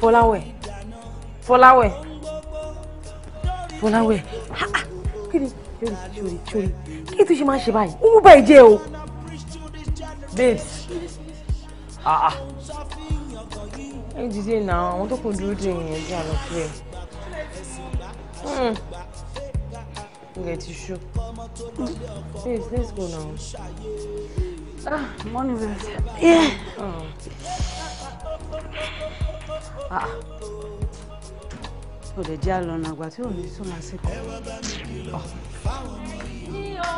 Fọláwẹ̀ Fọláwẹ̀ Fọláwẹ̀ kí ni sori sori sori kí ni tó ṣe máa ń ṣe báyìí ó mú báyìí jẹ́ o. babes ah ah ẹ dìde náà àwọn tó kù dúró dè yẹn jẹ́ àlọ́ fún Hmm. Get ti ṣú. Please let's go now. Ah, money. baby. Yeah. Oh. Ah. ó lè jẹ́ àlọ́ ọ̀nà àgbà tí ò ní tún máa ṣe kọ́. ẹ̀yin o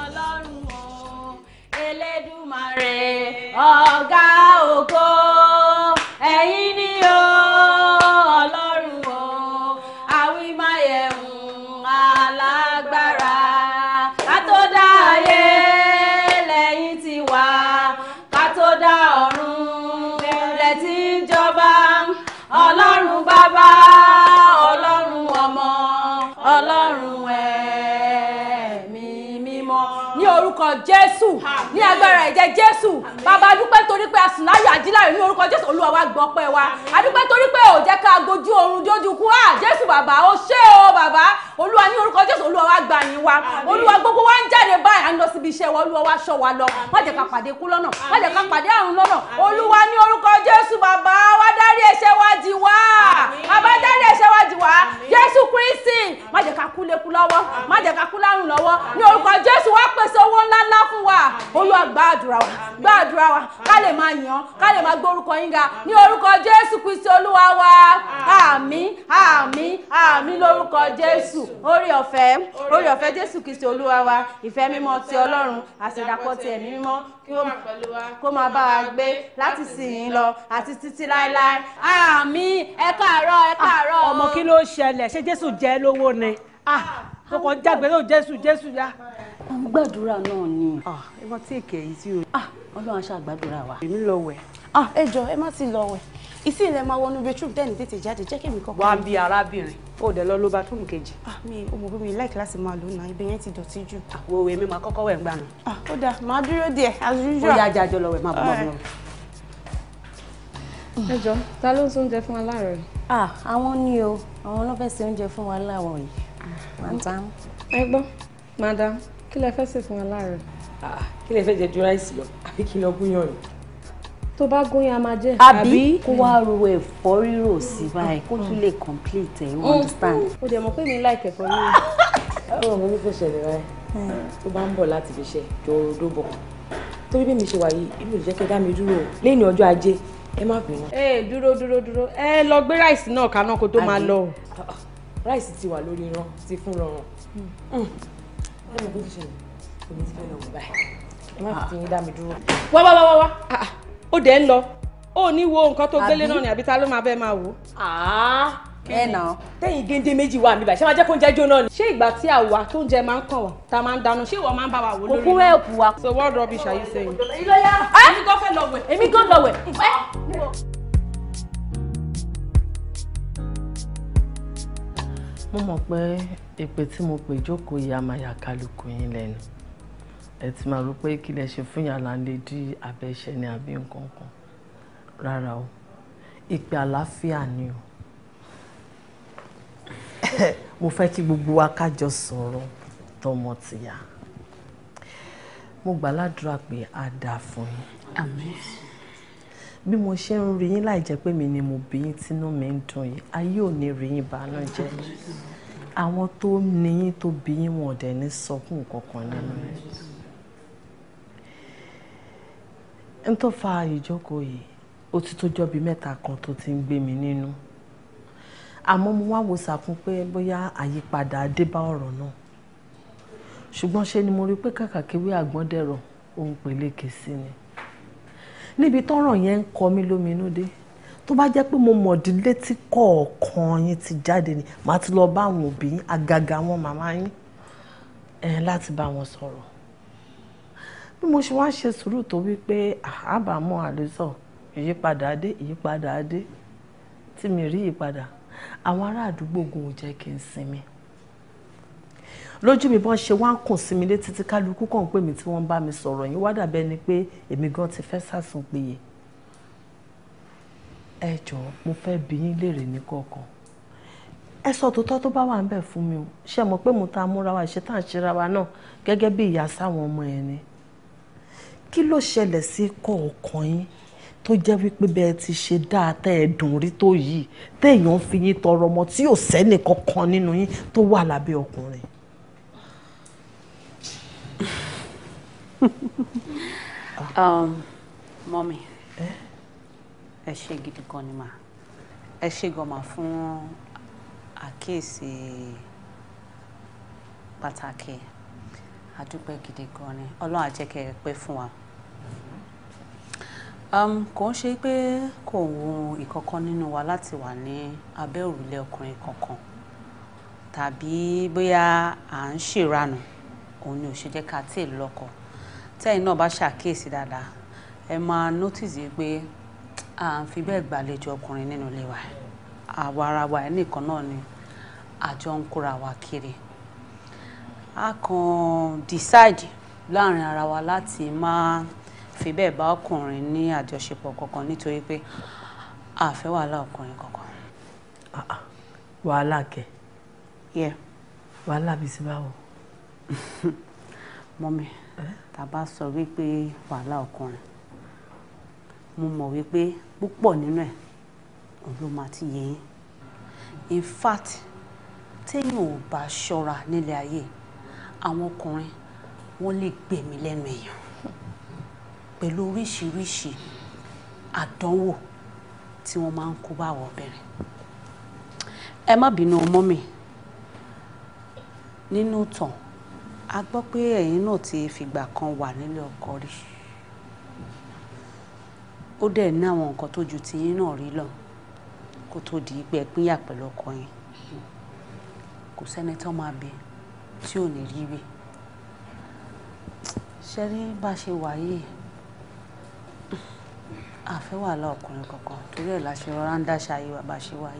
ọlọ́run o elédùmarè ọ̀gá ògo. agbára ẹ̀jẹ̀ jésù bàbá adúpẹ́ nítorí pé asùn láyọ̀ àjíláyọ̀ ní orúkọ jésù olúwa wa gbọ́ pẹ́ wa adúpẹ́ nítorí pé ò jẹ́ ká gojú oorun dójú kú á ah, jésù bàbá ó ṣé o bàbá olúwa ní orúkọ jésù olúwa wa gbà yín wa olúwa gbogbo wa ń jáde báyìí à ń lọ síbi iṣẹ́ wa olúwa wa ṣọ́ wa lọ má jẹ́ ká pàdé ikú lọ́nà má jẹ́ ká pàdé àrùn lọ́nà olúwa ní orúkọ jésù bàbá wa dárí ẹ̀ṣẹ̀ wa jì wá bàbá dárí ẹ̀ṣẹ̀ wa jì wá jésù kristi má jẹ́ ká kú lẹ́kú lọ́wọ́ má jẹ́ ká kú lárùn lọ́wọ́ ní orúkọ jésù wa pèsè owó ńláńlá fún wa olú olúwa gbàdúrà wa gbàdúrà wa ká lè máa yàn ká lè máa gbórúkọ yín ga ní orúkọ jésù kristi olúwa wa àmín àmín àmín lórúkọ jésù orí ọ̀fẹ́ orí ọ̀fẹ́ jésù kristi olúwa wa ìfẹ́ mímọ́ ti ọlọ́run àṣẹdàpọ̀ ti ẹ̀mí mímọ́ kó máa bá wa gbé láti sìn lọ àti títí láéláé àmín ẹ káàárọ̀ ẹ káàárọ̀. Ah, ọmọ kí ló ṣẹlẹ̀ ṣé jésù jẹ́ lówó ni ah, tó kàn jágbe ló jésù jésù yá à ah, ń gbàdúrà náà ni. Ah, ẹ má tí èkè yìí tí o. ọlọ́run aṣáà gbàdúrà wa. èmi lọ wẹ̀. Ah, ẹ jọ ẹ má ti lọ wẹ̀ ìsìn ilẹ̀ máa wọnú bẹ́tírù dẹ́ni tètè jáde jẹ́ kémi kọ́kọ́. wá bí arábìnrin ó dẹ̀ lọ ló bá tóun kejì. mi ò mọ̀ bí mi láìkí láti máa lò náà ibẹ̀ yẹn ti dọ̀tí jù. wo òwe mi máa kọ́kọ́ wẹ̀ ń gbà nù. ó dà máa dúró díẹ̀ as usual. ó yá ajá jọ lọ wẹ̀ máa bọ̀ máa bọ̀. Mm. ẹ jọ ta ló ń sọ oúnjẹ fún wa láàárọ̀ yìí. àwọn ni o àwọn ló fẹ́ ṣe oúnjẹ fún wa láàárọ̀ yìí. Mm. madam kí lẹ fẹ́ sè fún wọn láàárọ̀. kí lẹ fẹ́ jẹ ju ráìsì lọ àbí kí lọ gúnyán ni. tó bá gúnyán a máa jẹ. àbí kó wá ro ẹ̀fọ́ rírò sí báyìí kó tún lè complete ẹ̀ you mm. understand. o dẹ̀ mọ̀ pé mi láì kẹ̀kọ́ ní. báwo mo ní kò ṣẹlẹ̀ rẹ tó bá ń bọ̀ láti fi ṣe jọ̀ọ́ odó bọ̀ torí bí mi ṣe wà yìí èmi ò jẹ́ kí ẹ dá mi dúró lẹ́yìn ọjọ́ ajé ẹ má bínú. ẹ dúró dúró dúró ẹ lọ gbé ráìsì náà kaná kó tó máa lọ. Ah, ah. ráìsì ti wà lórí iran ti fún rọrùn. Hmm. Hmm ẹnu kò ti ṣẹlẹ̀ èmi ti fẹ́ lọ wò ni ẹ má fi ah. tiyín dá mi dúró. wá ah, ah. wo nǹkan tó gbélé náà ni àbí ta ló máa bẹ́ẹ̀ máa wò ẹnà tẹ̀yin géńdé méjì wà mí báyìí ṣé máa jẹ́ kó ń jẹ jóná ni. ṣé ìgbà tí àwa tó ń jẹ máa ń kàn wá tá a máa ń dáná wa wò lórí. òkú ẹ̀pù wa. so what rubbish are you saying. ìlọ́yà Emi go fẹ́ lọ wẹ̀. èmi gan lọ wẹ̀. mo mọ̀ pé ìpè tí mo pè jókòó yìí a máa yà kálukú yín lẹ́nu ẹ ti máa rò pé kí lẹ ṣe fún yàrá lè dí abẹ́ṣẹ́ ni àbí nǹkan kan rárá o ìpè àlàáfíà ni o mo fẹ́ kí gbogbo wa kájọ sọ̀rọ̀ tọmọtìyà mo gbà ládùúrà pé a dáa fún yín. àmín. bí mo ṣe ń rí yín láì jẹ́ pé mi ni mo bí yín tínú mi ń dùn yìí ayé ò ní rí yín bàánú jẹ́. àmín àwọn tó níyìn tó bí yín wọn ọ̀dẹ̀ ní sọkún kankan nínú rẹ̀ ń tó fa ìjókòó yìí ó ti tó jọ́ bí mẹ́ta kan tó ti ń gbé mi nínú àmọ́ mo wá wo sàkún pé bóyá àyípadà dé bá náà ṣùgbọ́n ṣe ni mo rí pé kàkà kéwé àgbọ́n dẹ̀rọ̀ ohun pèlékè sí ni níbi tọ́rọ̀ yẹn ń kọ mí lóminú dé tó bá jẹ́ pé mo mọ̀dí létí kọ̀ọ̀kan yín ti jáde ni màá ti lọ bá àwọn òbí yín àgàgà àwọn màmá yín láti bá wọn sọ̀rọ̀ bí mo ṣe wá ṣe sùúrù tó wípé àbámọ̀ àlùsọ̀ ìyípadà dé ìyípadà dé tí mi rí ìyípadà àwọn ará àdúgbò gan ò jẹ́ kí n sinmi lójú mi bọ́n ṣe wá ń kùn sí mi létí tí kálukú kàn pé mi tí wọ́n bá mi sọ̀rọ̀ yín wá dàbẹ́ ni pé èmi gan ti fẹ́ sàsùn péye ẹ jọ̀ọ́ mo fẹ́ bi yín léèrè ní kọ̀ọ̀kan ẹ sọ tòótọ́ tó bá wà ń bẹ̀ fún mi o ṣe mọ̀ pé mo ta múra wa ṣe tá à ń ṣera wa náà gẹ́gẹ́ bí ìyá sáwọn ọmọ ẹ̀ ni kí ló ṣẹlẹ̀ sí kọ̀ọ̀kan yín tó jẹ́ wípé bẹ́ẹ̀ ti ṣe dáa tẹ́ ẹ dùn rí tó yìí téèyàn fi yín tọrọ ọmọ tí ò sẹ́nì kankan nínú yín tó wà lábẹ́ ọkùnrin. um, ẹ ṣe gidi gan ni mà ẹ ṣe gan mà fún àkíyèsí pàtàkì àdúpẹ́ gidi gan ni ọlọ́run á jẹ́ kẹ́ ẹ pẹ́ fún wa. kò ń ṣe pé kò wu ìkankan nínú wa láti wà ní abẹ́ òrùlé ọkùnrin kankan tàbí bóyá à ń ṣèranù òun ni ò ṣe jẹ́ ká tí ì lọ́kọ tẹ́yìn náà bá ṣàkíyèsí dáadáa ẹ máa notice pé à ń fi bẹ́ẹ̀ gbàlejò ọkùnrin nínú ilé wa àwa ara wa ẹ̀ nìkan náà ni àjọ ń kóra wa kiri a kàn decide láàrin ara wa láti máa fi bẹ́ẹ̀ bá ọkùnrin ní àjọṣepọ̀ kankan nítorí pé a fẹ́ wàhálà ọkùnrin kankan. wàhálà kẹ. wàhálà bíi ti báwo. mọ́mi eh? tàbá sọ wípé wàhálà ọkùnrin mo mọ̀ wípé púpọ̀ nínú ẹ̀ òun ló máa ti yé yín in fact téèyàn ò bá ṣọ́ra nílé ayé àwọn ọkùnrin wọ́n lè gbẹ̀mí lẹ́nu èèyàn pẹ̀lú oríṣiríṣi àdánwò tí wọ́n máa ń kó bá àwọn obìnrin ẹ má bínú ọmọ mi nínú tàn a gbọ́ pé ẹ̀yin náà ti fìgbà kan wà nílé ọkọ rí ó dẹ̀ ní àwọn nǹkan tó ju tiyín náà rí lọ kó tó di pé ẹ pínyà pẹ̀lú ọkọ yín kò sẹ́ni tó máa bẹ tí ò ní rí wí ṣe bá ṣe wà yìí àfẹ́ wàhálà ọkùnrin kankan torí ẹ̀ la rọra ń dáṣà yìí bá ṣe wà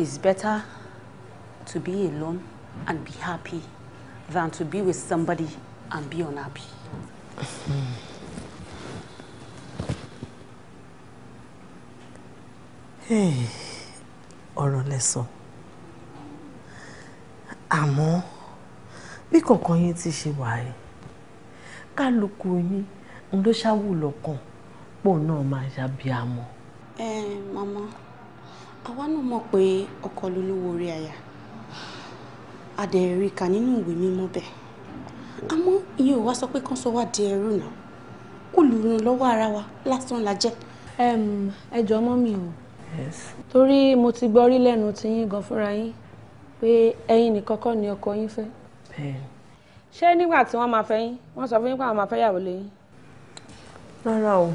it's better to be alone and be happy than to be with somebody and be unhappy. Mm. ọ̀rọ̀ lẹ sọ àmọ́ bí kankan yín ti ṣe wà ẹ́ kálukú yín ń ló ṣáwù lọ́kàn pò náà máa yàbí àmọ́. ẹ màmá àwa náà mọ̀ pé ọkọ lolówó orí àyà adẹ̀rí kà nínú ìwé mímọ́ bẹ́ẹ̀ àmọ́ ìyẹn ò wá sọ pé kán sọ wá di ẹrú náà olùrànlọ́wọ́ ara wa lásán la jẹ́. ẹ jọ̀ọ́ mọ́ mi o torí mo ti gbọ́ rí lẹ́nu ti yín gan fúnra yín pé ẹ̀yin nìkan kọ́ ni ọkọ yín fẹ́. ṣé nígbà tí wọ́n máa fẹ́ yín wọ́n sọ fún yín pé àwọn máa fẹ́ yàwó lé yín. rárá o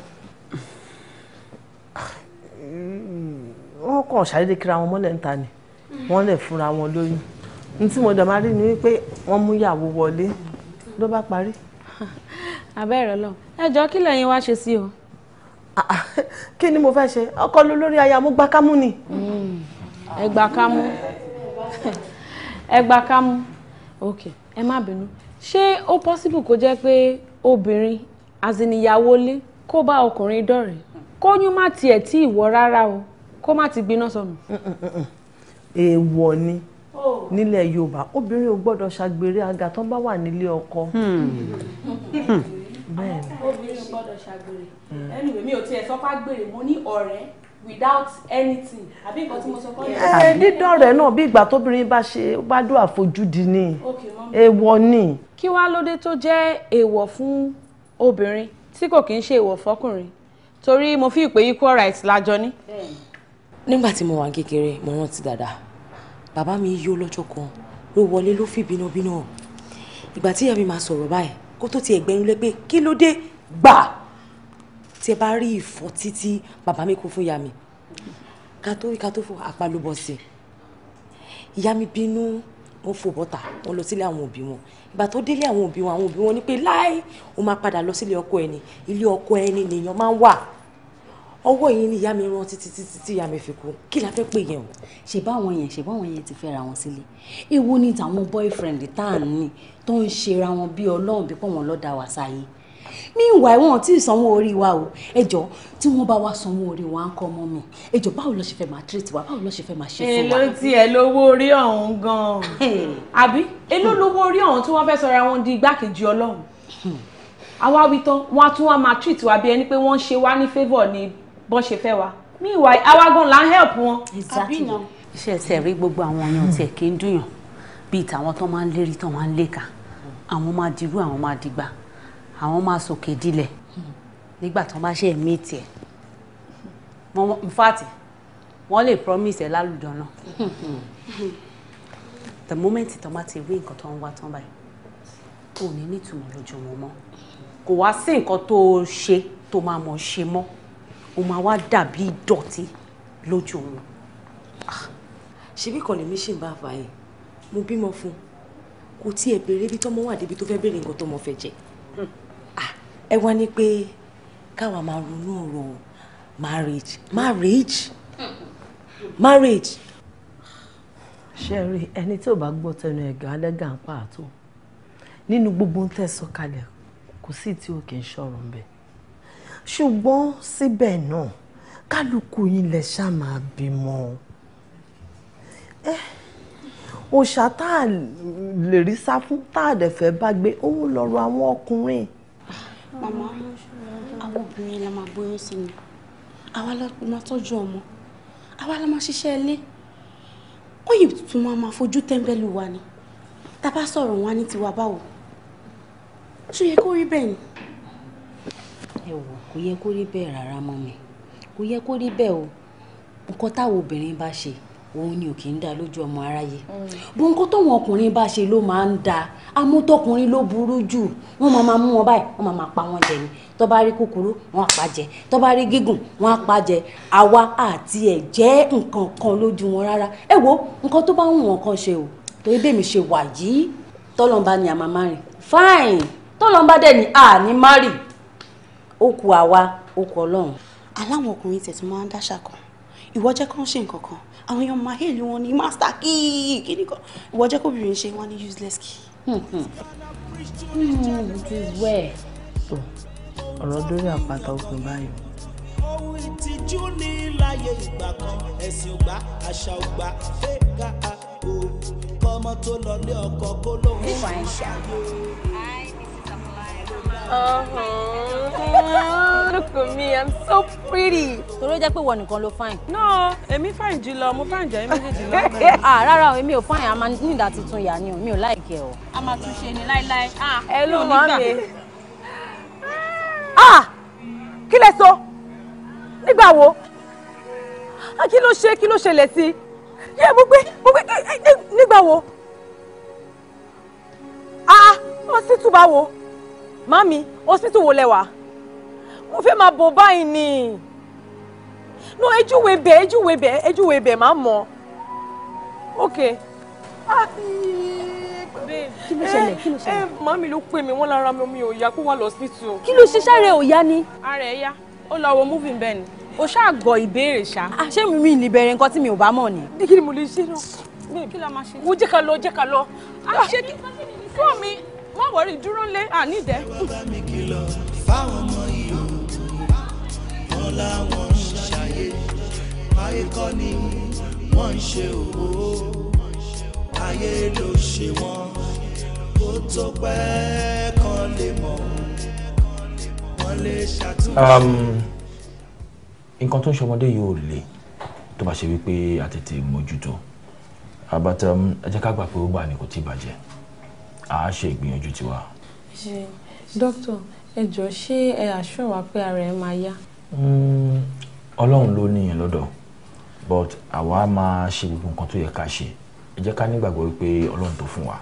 wọ́n kàn ṣàdédé kíra wọn mọ́lẹ̀ níta ni wọ́n lè fúnra wọn lóyún ní tí mo dẹ̀ máa rí ni wípé wọ́n mú ìyàwó wọlé ló bá parí. àbẹ́ ìrọ̀lọ́ ẹ jọ kí lẹ́yìn wá ṣe sí o kí ni mo fẹ́ ṣe ọkọ lórí aya mo ni. Hmm. ẹ gba kámú ẹ gba kámú ok ẹ má bínú ṣé ó possible kó jẹ́ pé obìnrin azìnìyàwó lé kó bá ọkùnrin dọ̀rẹ́ kóyún má tiẹ̀ tí ìwọ rárá o kó má ti gbiná sọnù. èèwọ̀ ni oh. nílẹ̀ yorùbá obìnrin ò gbọ́dọ̀ ṣàgbèrè àga tó bá wà nílé ọkọ. Hmm. Hmm bẹ́ẹ̀ni obìnrin ò gbọ́dọ̀ ṣàgbèrè anyway mi ò tiẹ̀ sọ pé àgbèrè mo ní ọ̀rẹ́ without anything àbí nǹkan tí mo sọ kọ́ yẹn. ẹ dídán rẹ náà bí ìgbà tóbìnrin bá ṣe bá àfojúdi ni èèwọ̀ ni. kí wàá lóde tó jẹ́ èèwọ̀ fún obìnrin tí kò kì í ṣe èèwọ̀ fọkùnrin torí mo fi ìpè equal rights lájọ ní. nígbà tí mo wà kékeré mo rántí dada bàbá mi yó lọ́jọ́ kan ló wọlé ló fi bínúbínú ìgbà tí ẹ̀mí máa sọ̀rọ̀ báyìí kó tó tiẹ̀ gbẹ̀yìn lẹ́gbẹ́ kí ló dé gbà tí ẹ bá rí ìfọ́ títí bàbá mi kó fún ìyá mi ká tó rí ká tó fún apá ló bọ̀ sí i ìyá mi bínú wọn fò bọ́tà wọn lọ sílé àwọn òbí wọn ìgbà tó délé àwọn òbí wọn àwọn òbí wọn ní pé láì ó máa padà lọ sílé ọkọ ẹni ilé ọkọ ẹni lèèyàn máa ń wà ọwọ́ yìí ni ìyá mi rán títí títí tí ìyá mi fi kú kí la fẹ́ pè yẹn o. ṣe báwọn yẹn ṣe báwọn yẹn ti fẹ́ ra wọn sílé èwo ni tàwọn boyfriend tá à ń ní tó ń ṣe ra wọn bí ọlọ́run bí pọ̀ wọn lọ́dà wá sáyé meanwhile wọn ti sanwó orí wa o ẹjọ tí wọn bá wa sanwó orí wa ń kọ ọmọ mi ẹjọ báwo lọ ṣe fẹ́ máa treat wa báwo lọ ṣe fẹ́ máa ṣe fún wa. èló tiẹ̀ lówó orí ọ̀hún gan-an àbí èló lówó orí ọ̀hún tí wọ́n fẹ́ sọ ra wọn di igbákejì ọlọ́run hmm. àwa wí tán wọn á tún wá máa treat wa bí ẹni pé wọ́n ń ṣe wá ní favour ni bọ́n ṣe fẹ́ wa meanwhile àwa gan la ń help wọn. iṣẹ́ ẹsẹ̀ rí gbogbo àwọn èèyàn tiẹ̀ kí ń dùnyàn bíi tàwọn tó máa ń lérí tó máa ń léka àwọn máa dirú àwọn máa digba àwọn máa sòkè dilẹ̀ nígbà tó bá ṣe mí tiẹ̀ in fact wọ́n lè promise ẹ̀ lálùjọ náà the moment tó bá ti rí nǹkan tó ń wá tán báyìí kò ní nítumọ̀ lójú wọn mọ́ kò wá sí nǹkan tó ṣe tó máa mọ̀ ṣe mọ́ ó máa wá dàbí ìdọ̀tí lójú wọn ah, ṣebí kan lèmi ṣì ń bá fà yẹn mo bímọ fún kò tí ẹ béèrè ibi tọmọ wà débi tó fẹ́ béèrè nǹkan tọmọ fẹ́ jẹ hmm. ah, ẹ wá ní pé káwa máa ronú ọ̀rọ̀ marriage marriage hmm. marriage. Sherry, ẹni tí ò bá gbọ́ tẹnu ẹ̀gàn alẹ́gàn pààtó nínú gbogbo ń tẹ̀sọ́ kalẹ̀ kò sí tí ò kì í ṣọ̀rọ̀ ń bẹ̀ ṣùgbọ́n síbẹ̀ náà kálukú yín lẹ ṣáà máa bímọ òòṣà tá a lè rí sá fún tá a dẹ̀ fẹ́ bá gbé òun lọ́rọ̀ àwọn ọkùnrin. màmá àwọn obìnrin la máa bóyún sí ni àwa la máa tọ́jú ọmọ àwa la máa ṣiṣẹ́ ilé wọ́n yìí tuntun máa máa fojú tẹ́ńbẹ́lú wa ni tá a bá sọ̀rọ̀ wọn á ní tiwa báwo ṣó yẹ kó rí bẹ́ẹ̀ ni. ẹ wò ó kò yẹ kó rí bẹ́ẹ̀ rárá mọ́ mi kò yẹ kó rí bẹ́ẹ̀ o nǹkan táwọn obìnrin bá ṣe òun ni ò kì í dá lójú ọmọ aráyé mm. bó nǹkan tóun ọkùnrin bá ṣe ló máa ń da amútọkùnrin ló burú jù wọn máa máa mú wọn báyìí wọn máa máa pa wọn jẹ ni tó bá rí kúkúrú wọn á pa jẹ tó bá rí gígùn wọn á pa jẹ àwa àti ẹ jẹ nǹkan kan lójú wọn rárá ẹ wo nǹkan tó bá ń wọn kan ṣe o torí bẹ́ẹ̀ mi ṣe wà yìí tọ́lọ́mbà ni àmàmá rìn fáìn tọ́lọ́mbà dẹ̀ ni àní má rìn ó kù àwa ó kù ọlọ́run. aláwọn ọkùnrin tẹ̀ tí máa ń dáṣà kan ìwọ jẹ́ kán ṣe nǹkan kan àwọn èèyàn máa hèlì wọn ní master key kíni kan ìwọ jẹ́ kóbìnrin ṣe wọn ní useless key. Hmm, hmm. Hmm, ọ̀rọ̀ dórí àpáta òkun báyìí. ìtìjú ní láyé ìgbà kan ẹ̀sìn ògbà àṣà ògbà fẹ́ẹ́ká o ọmọ tó lọ lé ọkọ kó lóun ṣàyè. Uh-huh. Look at me, I'm so pretty. Toro jẹ́ pé wọ nìkan ló fine. No, èmi fine jùlọ, mo fine jẹ́ èmi méjì Ah, rara. o, èmi ò fine, a máa ní ìdá tuntun yà ni o, mi ò láìkẹ́ o. A máa tún ṣe ni láíláí. Ah, ẹ ló máa mi. Ah! Kí lẹ sọ? Nígbà wo? Ah, kí ló ṣe, kí ló ṣẹlẹ̀ sí? Yẹ mo gbé, mo gbé, nígbà wo? Ah! Wọ́n sì tún bá wo? mami hospital wo lẹ wà mo fẹ́ máa bọ̀ báyìí ni no ejúwe bẹ ejúwe bẹ ejúwe bẹ máa mọ ok. kí ló ṣẹlẹ̀ kí ló eh, mami ló pè mí wọ́n lára mi omi ò yá kó wà lọ́sítù. kí ló ṣe sáré ò yá ni. ara ẹ̀ yá ó lọ wo múfì bẹ́ẹ̀ o ṣáà gbọ́ ìbéèrè ṣá. Ah. ṣé mi mi ní bẹ̀rẹ̀ nǹkan tí mi ò bá mọ̀ ni. kí ni mo lè ṣe náà. kí la máa ṣe. wo jẹ́ lọ jẹ́ lọ. a ah, ṣe kí fún mi má wọrí dúró ńlé àní ìdẹ. fáwọn ọmọ yìí ò wọn láwọn ń ṣàyè ayé kọ́ ni wọ́n ń ṣe òwò ayé ló ṣe wọ́n kó tó pẹ́ kan lè mọ̀ wọ́n lè ṣàtúnṣe. Um, nǹkan tó ń ṣọmọdé yìí ò le tó bá ṣe wípé a tètè mójútó àbàtà ẹ jẹ́ ká gbà pé ó gbà ní kò tí ì bàjẹ́ a ṣe ìgbìyànjú tiwa. dókítà ẹ jọ ṣé ẹ àṣọ wa pé ara ẹ máa yá. Hmm, ọlọ́run ló ní yẹn lọ́dọ̀ but àwa máa ṣe gbogbo nǹkan tó yẹ ká ṣe ẹ jẹ́ ká nígbàgbọ́ wípé ọlọ́run tó fún wa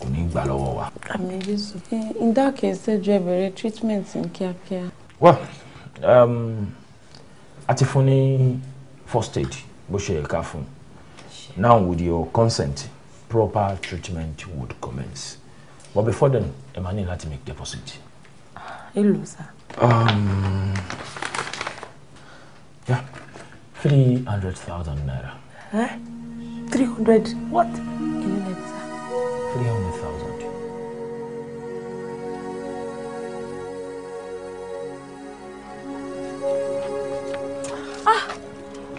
kò ní gbà lọ́wọ́ wa. àmín jésù in that case ẹ jọ ẹ bẹ̀rẹ̀ treatment ní kíákíá. wá um, a ti fún ní first aid bó ṣe yẹ ká fún now with your consent proper treatment would commence but before then ẹ máa ní láti make deposit. Hello, sir. Um, yeah, three hundred thousand naira. Eh? three hundred what? three hundred thousand. ah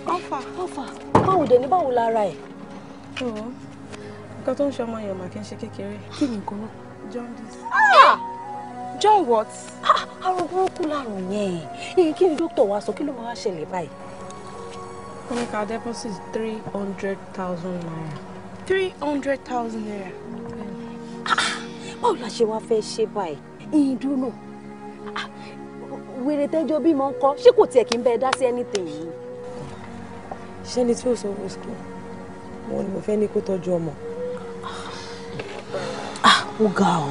ọfà ọfà báwo dẹ̀ ní báwo lára ẹ̀ nǹkan tó ń ṣe ọmọ yẹn mà kí n ṣe kékeré. kí ni nǹkan náà. jaundice. Ah! joy what. àrùn ah, burúkú làrùn yẹn èyí kí ni dókítà wa sọ kí ló máa ṣẹlẹ̀ báyìí. ó ní ká deposit three hundred thousand naira. three hundred thousand naira. Ah, báwo la ṣe wá fẹ́ ṣe báyìí ìdúró wèrè tẹjọ bímọ ń kọ ṣé kò tiẹ̀ kí n bẹ dá sí anything yìí. ṣé ni tí ó sanwó school wọn ni mo fẹ́ ní kó tọ́jú ọmọ ó ga ọ.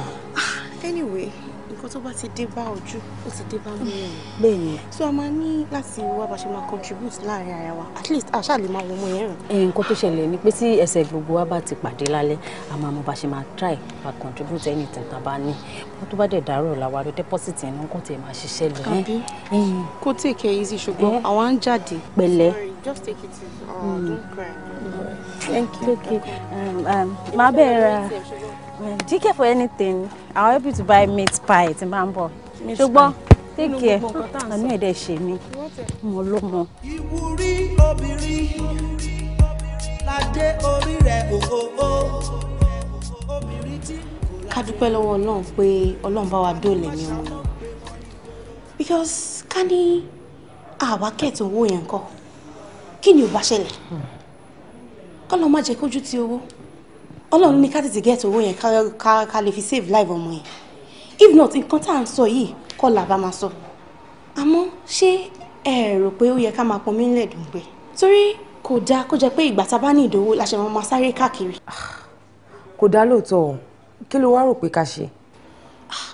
anyway nǹkan tó bá ti dé bá ojú ó ti dé bá mẹ́rin. bẹ́ẹ̀ ni. so a máa ní láti wá bá ṣe máa contribute láàrin ara wa at least àṣà lè máa wọ ọmọ yẹn rìn. ẹ eh, nǹkan tó ṣẹlẹ̀ ni pé tí ẹsẹ̀ gbogbo wa bá ti pàdé lálẹ́ a máa mọ bá ṣe máa try bá contribute anything tá a bá ní kó tó bá dẹ̀ dárò làwa ló deposit yẹn náà kó tiẹ̀ máa ṣiṣẹ́ lọ. Eh? àbí eh. kó take it easy ṣùgbọ́n àwa ń jáde. pẹ̀lẹ́. just take it easy. Oh, hmm. don't cry. thank you. Um, um, máa bẹ̀rẹ̀ Well, do you care for anything? I'll help you to buy meat pie tí n bá ń take care. Àánú ẹ̀dẹ̀ a mí. Mo ló mọ. Ìwúrí obìnrin ládé orí rẹ̀ òkòó. Oh, oh, oh. Obìnrin tí Because ká ní àwa kẹ̀tì owó yẹn kọ́, kí ni ò bá ṣẹlẹ̀? Hmm. Kọ́lọ́ má ọlọ́run ní ká tètè get owó yẹn ká lè fi save life ọmọ yẹn if not nǹkan tá à ń sọ yìí kọ́ làbá máa sọ àmọ́ ṣé ẹ rò pé ó yẹ ká máa pọnmi ńlẹ̀ dùn pé torí kò dáa kó jẹ́ pé ìgbà tá a bá ní ìdòwò la ṣe máa máa sáré káàkiri. kò dáa lóòótọ́ o kí ló wá rò pé ká ṣe. Ah,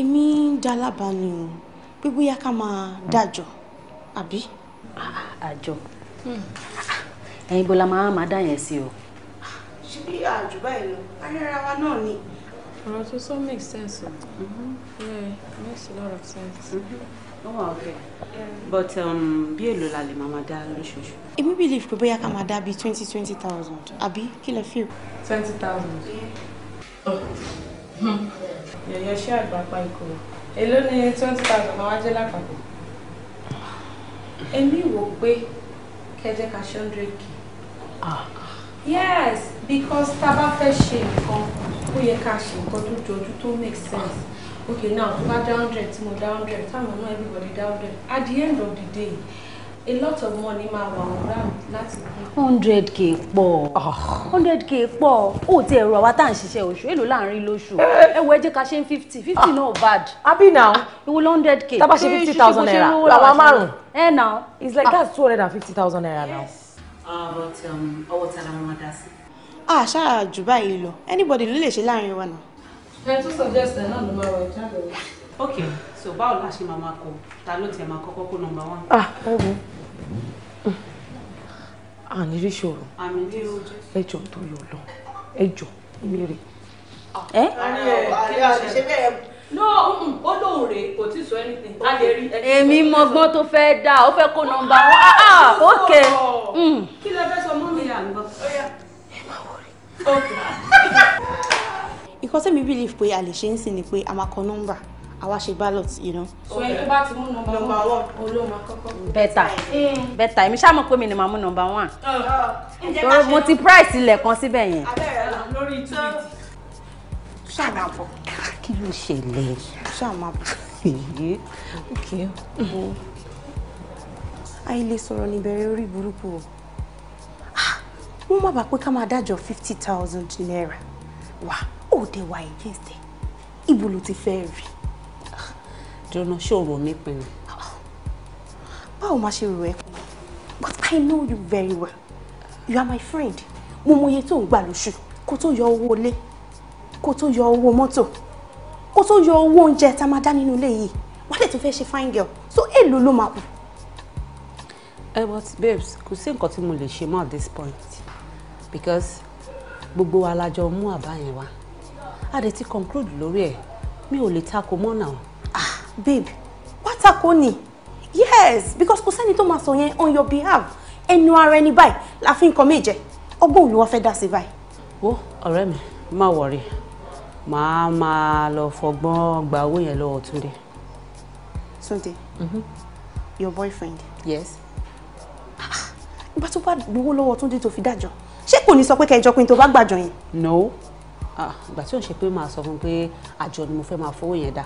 èmi dá lábàá o pé bóyá ká máa dájọ́ àbí. Ah, àjọ hmm. ah, ẹ̀yin bó la máa máa dá yẹn sí o ṣe bí àjò ọ̀rọ̀ tó sọ make sense o yeah makes a lot of sense. ó wà ọ̀kẹ́ but um, bí èlò la lè máa dá lóṣooṣù. èmi believe pé bóyá ká máa dá bíi twenty twenty thousand àbí kí lè feel. twenty thousand. Oh. yẹ̀yẹ̀ ṣé àgbà pa ìkòrò èló ni twenty thousand máa wá jẹ́ lápapọ̀. èmi wò pé kẹjẹ ka ṣe ah. yes because taba a bá fẹ́ ṣe nǹkan ó yẹ ká ṣe nǹkan tó jọjú tó make sense okay now tó bá dá hundred tí mo dá hundred táwọn náà everybody dá hundred at the end of the day a lot of money máa wà around láti hundred k pọ̀ ah. hundred k pọ̀ ó ti ẹ̀rọ àwa tá à ń ṣiṣẹ́ oṣù èlò láàrin lóṣù eh. ẹ wo ká ṣe fifty fifty ah. náà bad. Abi now ah, ìwọ hundred k. tá a ṣe eh, fifty thousand naira làwọn márùn-ún. ẹ eh, now. it's like that's two hundred and fifty thousand naira now. ọ̀rọ̀ tí ọwọ́ tí a lọ́wọ́ dá sí. Ah, ṣáà jù báyìí lọ anybody ló lè ṣe láàrin wa náà. ẹ tún suggest ẹ náà ló máa wọ ìjà rẹ. ok so báwo la ṣe máa máa kọ ta ló tiẹ̀ máa kọ́kọ́ kó nọmba one. ah ọ̀hún mm. ah, àní rí ṣòro ẹ jọ tó yọ lọ ẹ jọ mèrè. Ah. ẹ ṣe bẹ́ẹ̀ no ó lóun rèé kò tí sọ anything a lè rí. èmi mọgbọ́n tó fẹ́ dá ó fẹ́ kó nọmba one ah, ok. Mm. kí lè fẹ́ sọ mọ́ yà ń gbọ́ ìkọ́ tẹ́mi believe pé a lè ṣe ń sìn ni pé a máa kọ nọ́mbà àwa ṣe ballot you know. so ẹni tó bá ti mú nọ́mbà one olóma kọ́kọ́. bẹ́tà mm. bẹ́tà èmi ṣáà mọ̀ pé mi ni màá mú nọ́mbà one. tó oh. oh. mo ti price ilẹ̀ kan síbẹ̀ yẹn. abẹ́rẹ́ kí ló ṣẹlẹ̀? Mm-hmm. àìlè sọ̀rọ̀ níbẹ̀rẹ̀ orí burúkú o wọ́n má bàa pé ká máa dájọ́ fifty thousand naira wà ó dé wà against ẹ̀ ibo ló ti fẹ́ rí. dùnú ṣòro mi pinnu. báwo máa ṣe rò ẹ́ pinnu but I know you very well you are my friend mo mọ iye tó ń gbà lóṣù kó tó yọ owó ilé kó tó yọ owó mọ́tò kó tó yọ owó oúnjẹ tá a máa dá nínú ilé yìí wọ́n lè tún fẹ́ ṣe fine girl so èèlò ló máa kù. ẹ eh, but babes kò sí nǹkan tí mo lè ṣe mọ́ at this point because gbogbo wa la jọ mú àbá yẹn wá a dẹ̀ ti conclude lórí ẹ̀ mi ò lè takò mọ́ náà. ah babe wá takò ni yes because kò sẹ́ni tó máa sọ yẹn on your behalf ẹnu ara ẹni báyìí la fi ń kọ́ méje ọgbọ́n ló wá fẹ́ dá sí báyìí. wo ọ̀rẹ́ mi má wọ̀rí màá máa lọ fọgbọ́n gba owó yẹn lọ́wọ́ Túndé. Túndé mhm. your boyfriend. yes. Ah, ìgbà tó bá gbowó lọ́wọ́ Túndé tó fi dájọ́ ṣé kò ní sọ pé kẹjọ pin tó bá gbàjọ yẹn. no ah, ìgbà tí ò ń ṣe pé màá sọ fún pé àjọ ni mo fẹ́ máa fowó yẹn dá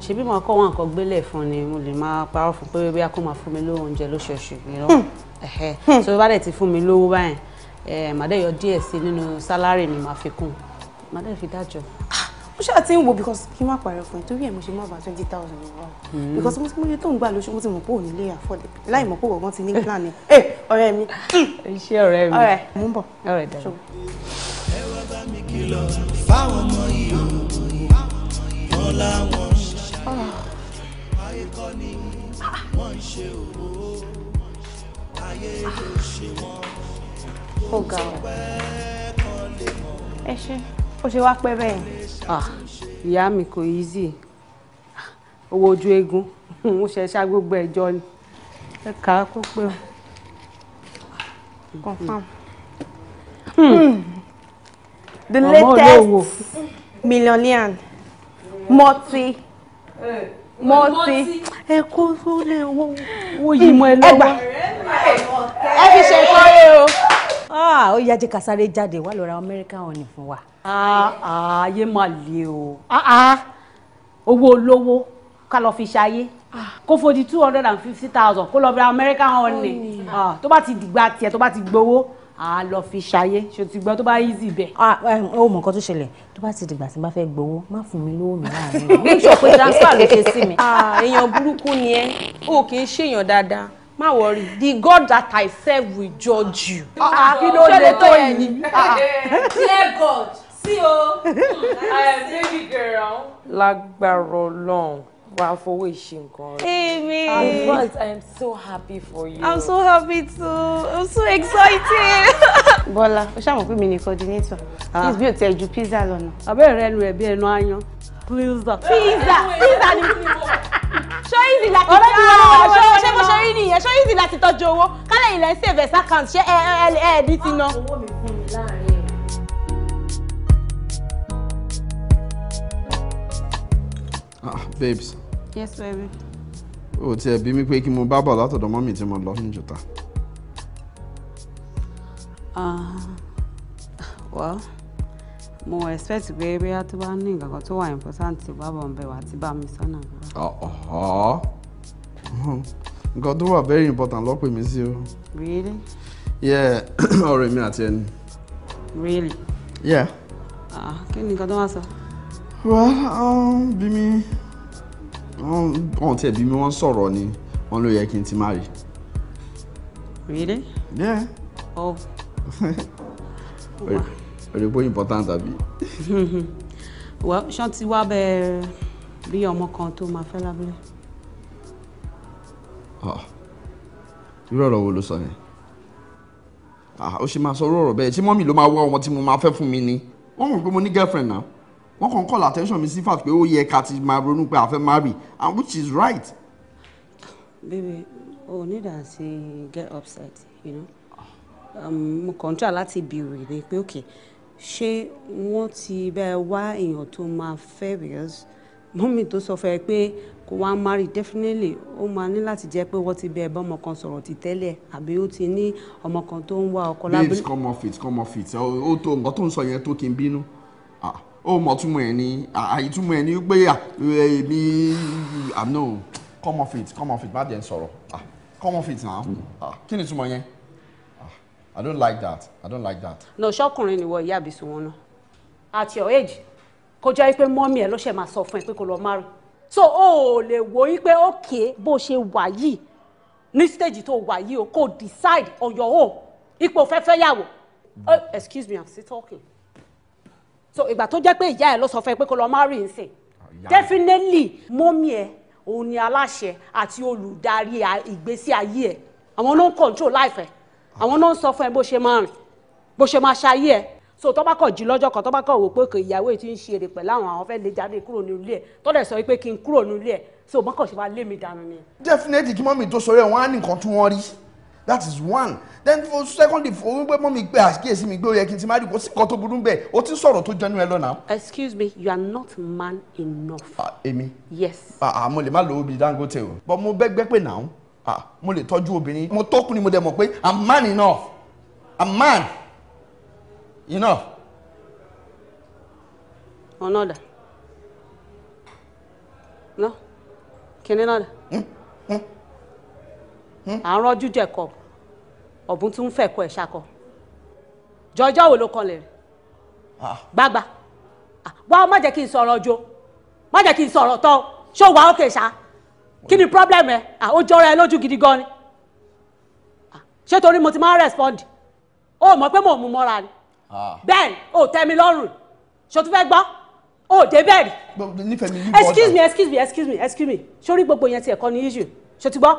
ṣe bí màá kọ́ wọn nǹkan gbélé fún ni mo lè máa parọ́ fún pé bí a kò máa fún mi lówó oúnjẹ lóṣooṣù yìí tó hmm. hmm. bá dẹ̀ ti fún mi lówó báyìí màá díẹ̀ sí nínú sálárì mi màá fi kún màá fi dájọ́. Ah, ó ṣáà ti ń wo because kí n má pààrọ̀ fún ẹ torí ẹ̀ mo ṣe má bàa twenty thousand naira hmm. because mo ti mọ̀ye tó ń gbà lóṣù mo ti mọ̀ pé òní lè afford it láì mọ̀ pé wọ́n ti ní plan ẹ hmm. eh, ọ̀rẹ́ mi. ṣé ọ̀rẹ́ mi ọ̀rẹ́ mo ń bọ̀. ọ̀rẹ́ dàbí. ó ga ọ ẹ ṣe ó ṣe wá pẹ́ bẹ́ẹ̀. Ah, ìyá mi kò easy owó ojú eégún ń ṣe ṣá gbogbo ẹjọ́ ni ẹ kà á kó pé confam. Hmm. Hmm. the latest millionaire multi multi ẹ kó lè wo yìí mọ́ ẹ hmm. lọ́wọ́ ẹ fi ṣe ìkórè o. Ah, yá jẹ́ ká sáré jáde wá lọ ra amẹ́ríkà ọ̀nì fún wa. Ah, ah, ah. ayé máa le o owó olówó ká lọ fi ṣayé kó fodi two hundred and fifty thousand kó lọ ra amẹ́ríkà ọ̀nì ti digba ti dìgbà tiẹ̀ tó ti gbowó a lọ fi ṣayé ṣòtìgbọ́ tó bá easy be. Ah, ó mọ̀ nǹkan tó ṣẹlẹ̀ tó bá ti digba tí n bá fẹ́ Ma má fún mi lówó mi láàrin. mi ń sọ pé transfer ló ṣe sí mi. èèyàn burúkú ni ẹ o kì í ṣèyàn dáadáa má worry the God that I serve will judge you. Ah, ah, ah, kí ló lè tó yìí. clear God sí o oh, baby girl. lágbára Ọlọ́run wàá fowó ìṣe nǹkan rẹ. Amy in I am so happy for you. I am so happy too I am so excited. Bọ́lá o ṣàmọ̀ pé mi ni coordinator please bí o tẹ ju pizza lọ́nà. abẹ́rẹ́ rẹ nu ẹ̀bí ẹnu ayan pizza. pizza pizza ni ṣọ́yìn ìlà kìí ṣe ṣe mo ṣe rí owó kálẹ̀ ilẹ̀ ń save ẹ̀sà kan ṣé ẹ ẹ ẹ ẹ̀dí ti ná. ah babes. yes baby. o tiẹ̀ bí mi pé kí mo bá bọ̀ látọ̀dọ̀ mọ́mì tí mo lọ níjọta. Ah, well mo expect pé bóyá tó bá ní nǹkan kan tó wà important bá bọ̀ ń bẹ̀ wá tí bá mi sọ́nà. ọ̀ọ́ nǹkan tó wà very important ló pè mí sí o. really. yeah ọ̀rọ̀ èmi àti ẹni. really. yeah. ah can you nǹkan tó wá well um, Bimi, um, wọn tiẹ̀ bí mi wọ́n sọ̀rọ̀ ni wọ́n ló yẹ kí n really. yeah. oh. òrìbó wow. important àbí. well shanti ti be bẹ́ẹ̀ bí ọmọ kan tó Ah. irú ọ̀rọ̀ wo ló sọ yẹn ah, ó ṣe máa sọ irú ọ̀rọ̀ bẹ́ẹ̀ ṣé mọ́mì ló máa wá ọmọ tí mo máa fẹ́ fún mi ni wọ́n mọ̀ pé mo ní girlfriend náà wọ́n kàn call attention mi sí fact pé ó yẹ ká ti máa ronú pé a fẹ́ marry and which is right. baby o oh, need as get upset you know um, mo kàn ń try láti béèrè ni pé okay ṣé wọ́n ti bẹ́ẹ̀ wá èèyàn tó máa fẹ́ because mọ́mì tó sọ fẹ́ pé kó wá marry definitely ó máa ní láti jẹ́ pé wọ́n ti bẹ ẹ̀bọ́n ọmọ kan sọ̀rọ̀ ti tẹ́lẹ̀ àbí ó ti ní ọmọ kan tó ń wá ọkọ lábẹ́. babes come off it come off it ó tó nǹkan tó ń sọ yẹn tó kí n bínú ó mọ̀ túmọ̀ ẹ̀ ní àìtúmọ̀ ẹ̀ ní pé èmi àná come off it come off it má jẹ́ n sọ̀rọ̀ come off it now kí ni túmọ̀ yẹn i don't like that i don't like that. no ṣọkùnrin ni wọ ìyá àbísùn wọn náà at your age kó jẹ́ pé mọ́mí ẹ̀ ló ṣẹ̀ máa sọ fún ẹ pé kó lọ marry so o ò lè wò yí pé okay bó ṣe wà yìí ní stage tó wà yìí o kò decide on your own ipò fẹ́fẹ́ yàwó oh excuse me i'm still talking so ìgbà tó jẹ́ pé ìyá ẹ̀ ló sọ fún ẹ pé kó lọ má rí nsìn definitely mọ́mí ẹ̀ òun ni aláṣẹ àti olùdarí ìgbésí ayé ẹ̀ àwọn ló ń control life ẹ̀ àwọn ló ń sọ fún ẹ bó ṣe máa rìn bó ṣe máa ṣayé ẹ̀ so tó bá kọ̀ jí lọ́jọ́ kan tó bá kọ̀ wò pé kò ìyàwó yìí ti èrè pẹ̀lú àwọn àwọn fẹ́ẹ́ lè jáde kúrò ní ilé ẹ̀ tó dẹ̀ sọ pé kí n kúrò ní ilé ẹ̀ so bọ́kọ̀ ṣe wá lé mi dànù ni. definitely kí mọ́mì tó sọ̀rọ̀ wọn á ní nǹkan tí wọ́n rí that is one then for secondly for wípé mọ́mì pé àkíyèsí mi gbé ó yẹ kí n ti má rí kó sí nǹkan tó burú bẹ́ẹ̀ o ti sọ̀rọ̀ tó jẹnu ẹ lọ́nà. excuse me you are not man enough. Ah, èmi. yes. Ah, ah, mo lè má lo obì Dangote o but mo bẹ́gbẹ́ pé náà mo lè tọ́jú obìnrin mo tọ́kùnrin mo dẹ̀ mọ̀ pé i'm man enough i'm man. Enough. Another. No. Ná kíní náà dà. À ń rọ́jú jẹ̀kọ̀ ọ̀bùn tún ń fẹ̀kọ̀ ẹ̀ ṣakọ̀. Jọjọ́ wo ló kọlẹ̀ rẹ̀? Ah. Gbagba. Ah, wá má jẹ́ kí n sọ̀rọ̀ jo. Má jẹ́ kí n sọ̀rọ̀ tọ́. Ṣé o wà ókè ṣá? Kí ni problem ẹ̀? Ó jọra ẹ lójú gidi gan ni. Ah, ṣé torí mo ti máa ń respond? Ó mọ̀ pé mò mú mọ́ra ni. Ah. bẹ́ẹ̀ ò tẹ́ mi lọ́rùn ṣó tún fẹ́ gbọ́ ò dé bẹ́ẹ̀ rí. excuse me excuse me excuse me excuse me sórí gbogbo yẹn ti ẹ̀kọ́ ní issue ṣó ti gbọ́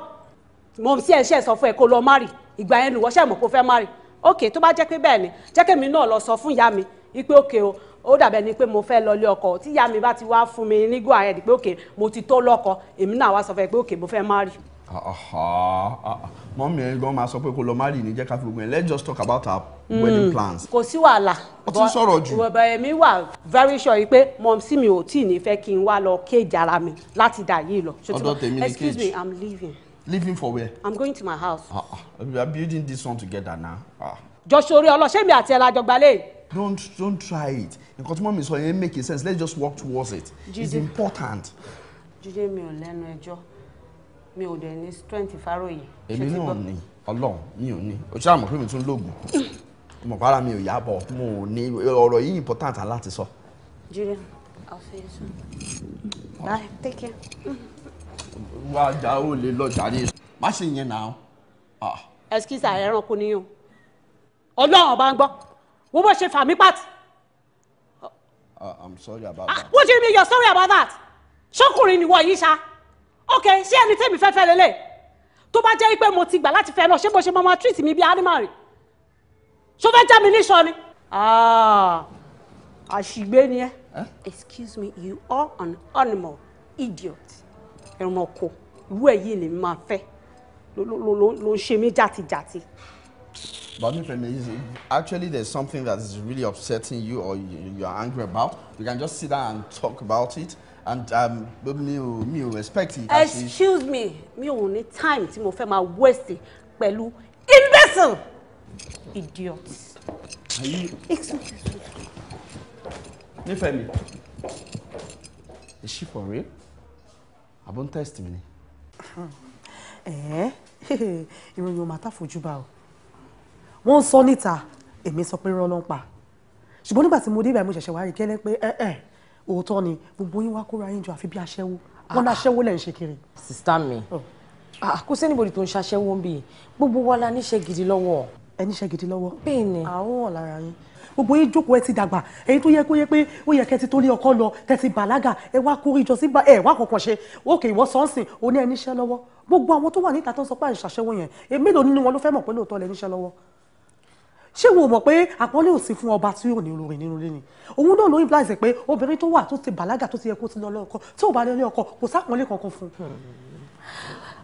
mo sì ẹ̀ ṣe sọ fún ẹ kó lọ márì ìgbà yẹn lùwọ́ ṣẹ̀ mọ̀ kó fẹ́ márì ok tó bá jẹ́ pé bẹ́ẹ̀ ni jẹ́ kẹ́mi náà lọ sọ fún ìyá mi ipe òkè o ó dàbẹ̀ ni pé mo fẹ́ lọ lé ọkọ tí ìyá mi bá ti wá fún mi nígbà yẹn di pé òkè mo ti tó lọ́kọ èmi mọ́mí ẹ̀ gan máa sọ pé kò lọ má rì ní jẹ́ ká fi gbogbo ẹ̀ let's just talk about our hmm. wedding plans. kò sí wàhálà ó ti sọ̀rọ̀ jù bọ̀bọ̀ èmi wà very sure yìí pé mọ̀mísí mi ò tí ì ní fẹ́ kí n wá lọ kéèjì ara mi láti dà yìí lọ. ọ̀dọ̀ tèmi ni kéèjì excuse me i'm leaving. leaving for where. i'm going to my house. Uh, uh, we are building this one together now. Ah. jọ̀ṣọ́ orí ọlọ́ṣẹ́ mi àti ẹ̀ la jọgbà lẹ́yìn don't don't try it nǹkan tí mọ́mí sọ yẹn make sense let's just work towards it Jide. it's important. Jide mi ò lẹ́nu ẹjọ́ mi ò dẹ̀ ní strength ìfáròyè. èmi náà ni Ọlọ́run mi ò ní o ṣáà mọ̀ pé mi tún lóògùn mo para mi ò yábọ̀ mo ò ní ọ̀rọ̀ yìí important láti sọ. Julian, I'll see you soon. bye take care. Mm-hmm. wá ja ó lè lọ jàre má ṣe yẹn náà. ẹsikísà ah. ẹranko niyàn Ọlọ́run ọba ń gbọ́ wọ́n bọ́ ṣe fàmí pàtì. Ah, I'm sorry about ah, that. what do you mean you're sorry about that? ṣọkùnrin ni wọ́n yìí ṣá ok ṣé ẹni tẹ́mi fẹ́ fẹ́ lélẹ̀ tó bá jẹ́ pé mo ti gbà láti fẹ́ lọ ṣé mo ṣe máa treat mi bí animal rẹ̀ ṣó fẹ́ já mi níṣan ni. Ah, àṣìgbé ni ẹ. excuse me you are an animal idiot ẹranko irú ẹ yìí lèmi máa fẹ́ ló ń ṣe mí jàtijàti. But if I actually there's something that is really upsetting you or you, you are angry about, you can just sit down and talk about it and um, mi ò mi ò respect it. excuse me mi ò ní time tí mo fẹ́ máa waste pẹ̀lú imbecile idiot. nífẹ̀ẹ́ mi is she for real? àbọ̀ ń test mi ni. ẹ̀ẹ́ ìròyìn ọmọ àtàfojúbà o wọ́n ń sọ níta èmi sọ pé rán ló ń pa ṣùgbọ́n nígbà tí mo dé ibà mo ṣẹ̀ṣẹ̀ wá rí kẹ́lẹ́ pé ẹ̀ẹ́ òótọ́ ni gbogbo yín wá kóra yín jọ àfi bí aṣẹ́wó ah. wọn ní aṣẹ́wó lẹ̀ ń ṣe kiri. sista mi oh. ah, kò sẹ́nibodì tó ń ṣaṣẹ́wó ń bì gbogbo wa la níṣẹ́ gidi lọ́wọ́. ẹ níṣẹ́ gidi lọ́wọ́ bẹ́ẹ̀ ni àwọn wọ̀ lára yín gbogbo yín jókòó ẹ ti dàgbà èyí tó yẹ kó yẹ pé ó yẹ kẹ́ ti tó lé ọkọ lọ tẹ́ bàlágà ẹ wá kórè jọ sí ẹ wá kọkàn ṣe òkè ìwọ sọǹsìn òní ẹ níṣẹ́ lọ́wọ́ gbogbo àwọn tó wà níta tó ń sọ pé àìṣàṣẹ́wó yẹn èmi nínú wọn ló fẹ́ mọ̀ pé lóòótọ́ lẹ níṣẹ́ lọ́wọ́ ṣé wo mọ̀ pé àpọ́nlé ò sí fún ọba tí ò ní orin nínú ilé ni òun náà ló implies pé obìnrin tó wà tó ti bàlágà tó ti yẹ kó ti lọ lọ́kọ tí ò bá lé ọkọ kò sápọ́nlé kankan fún un.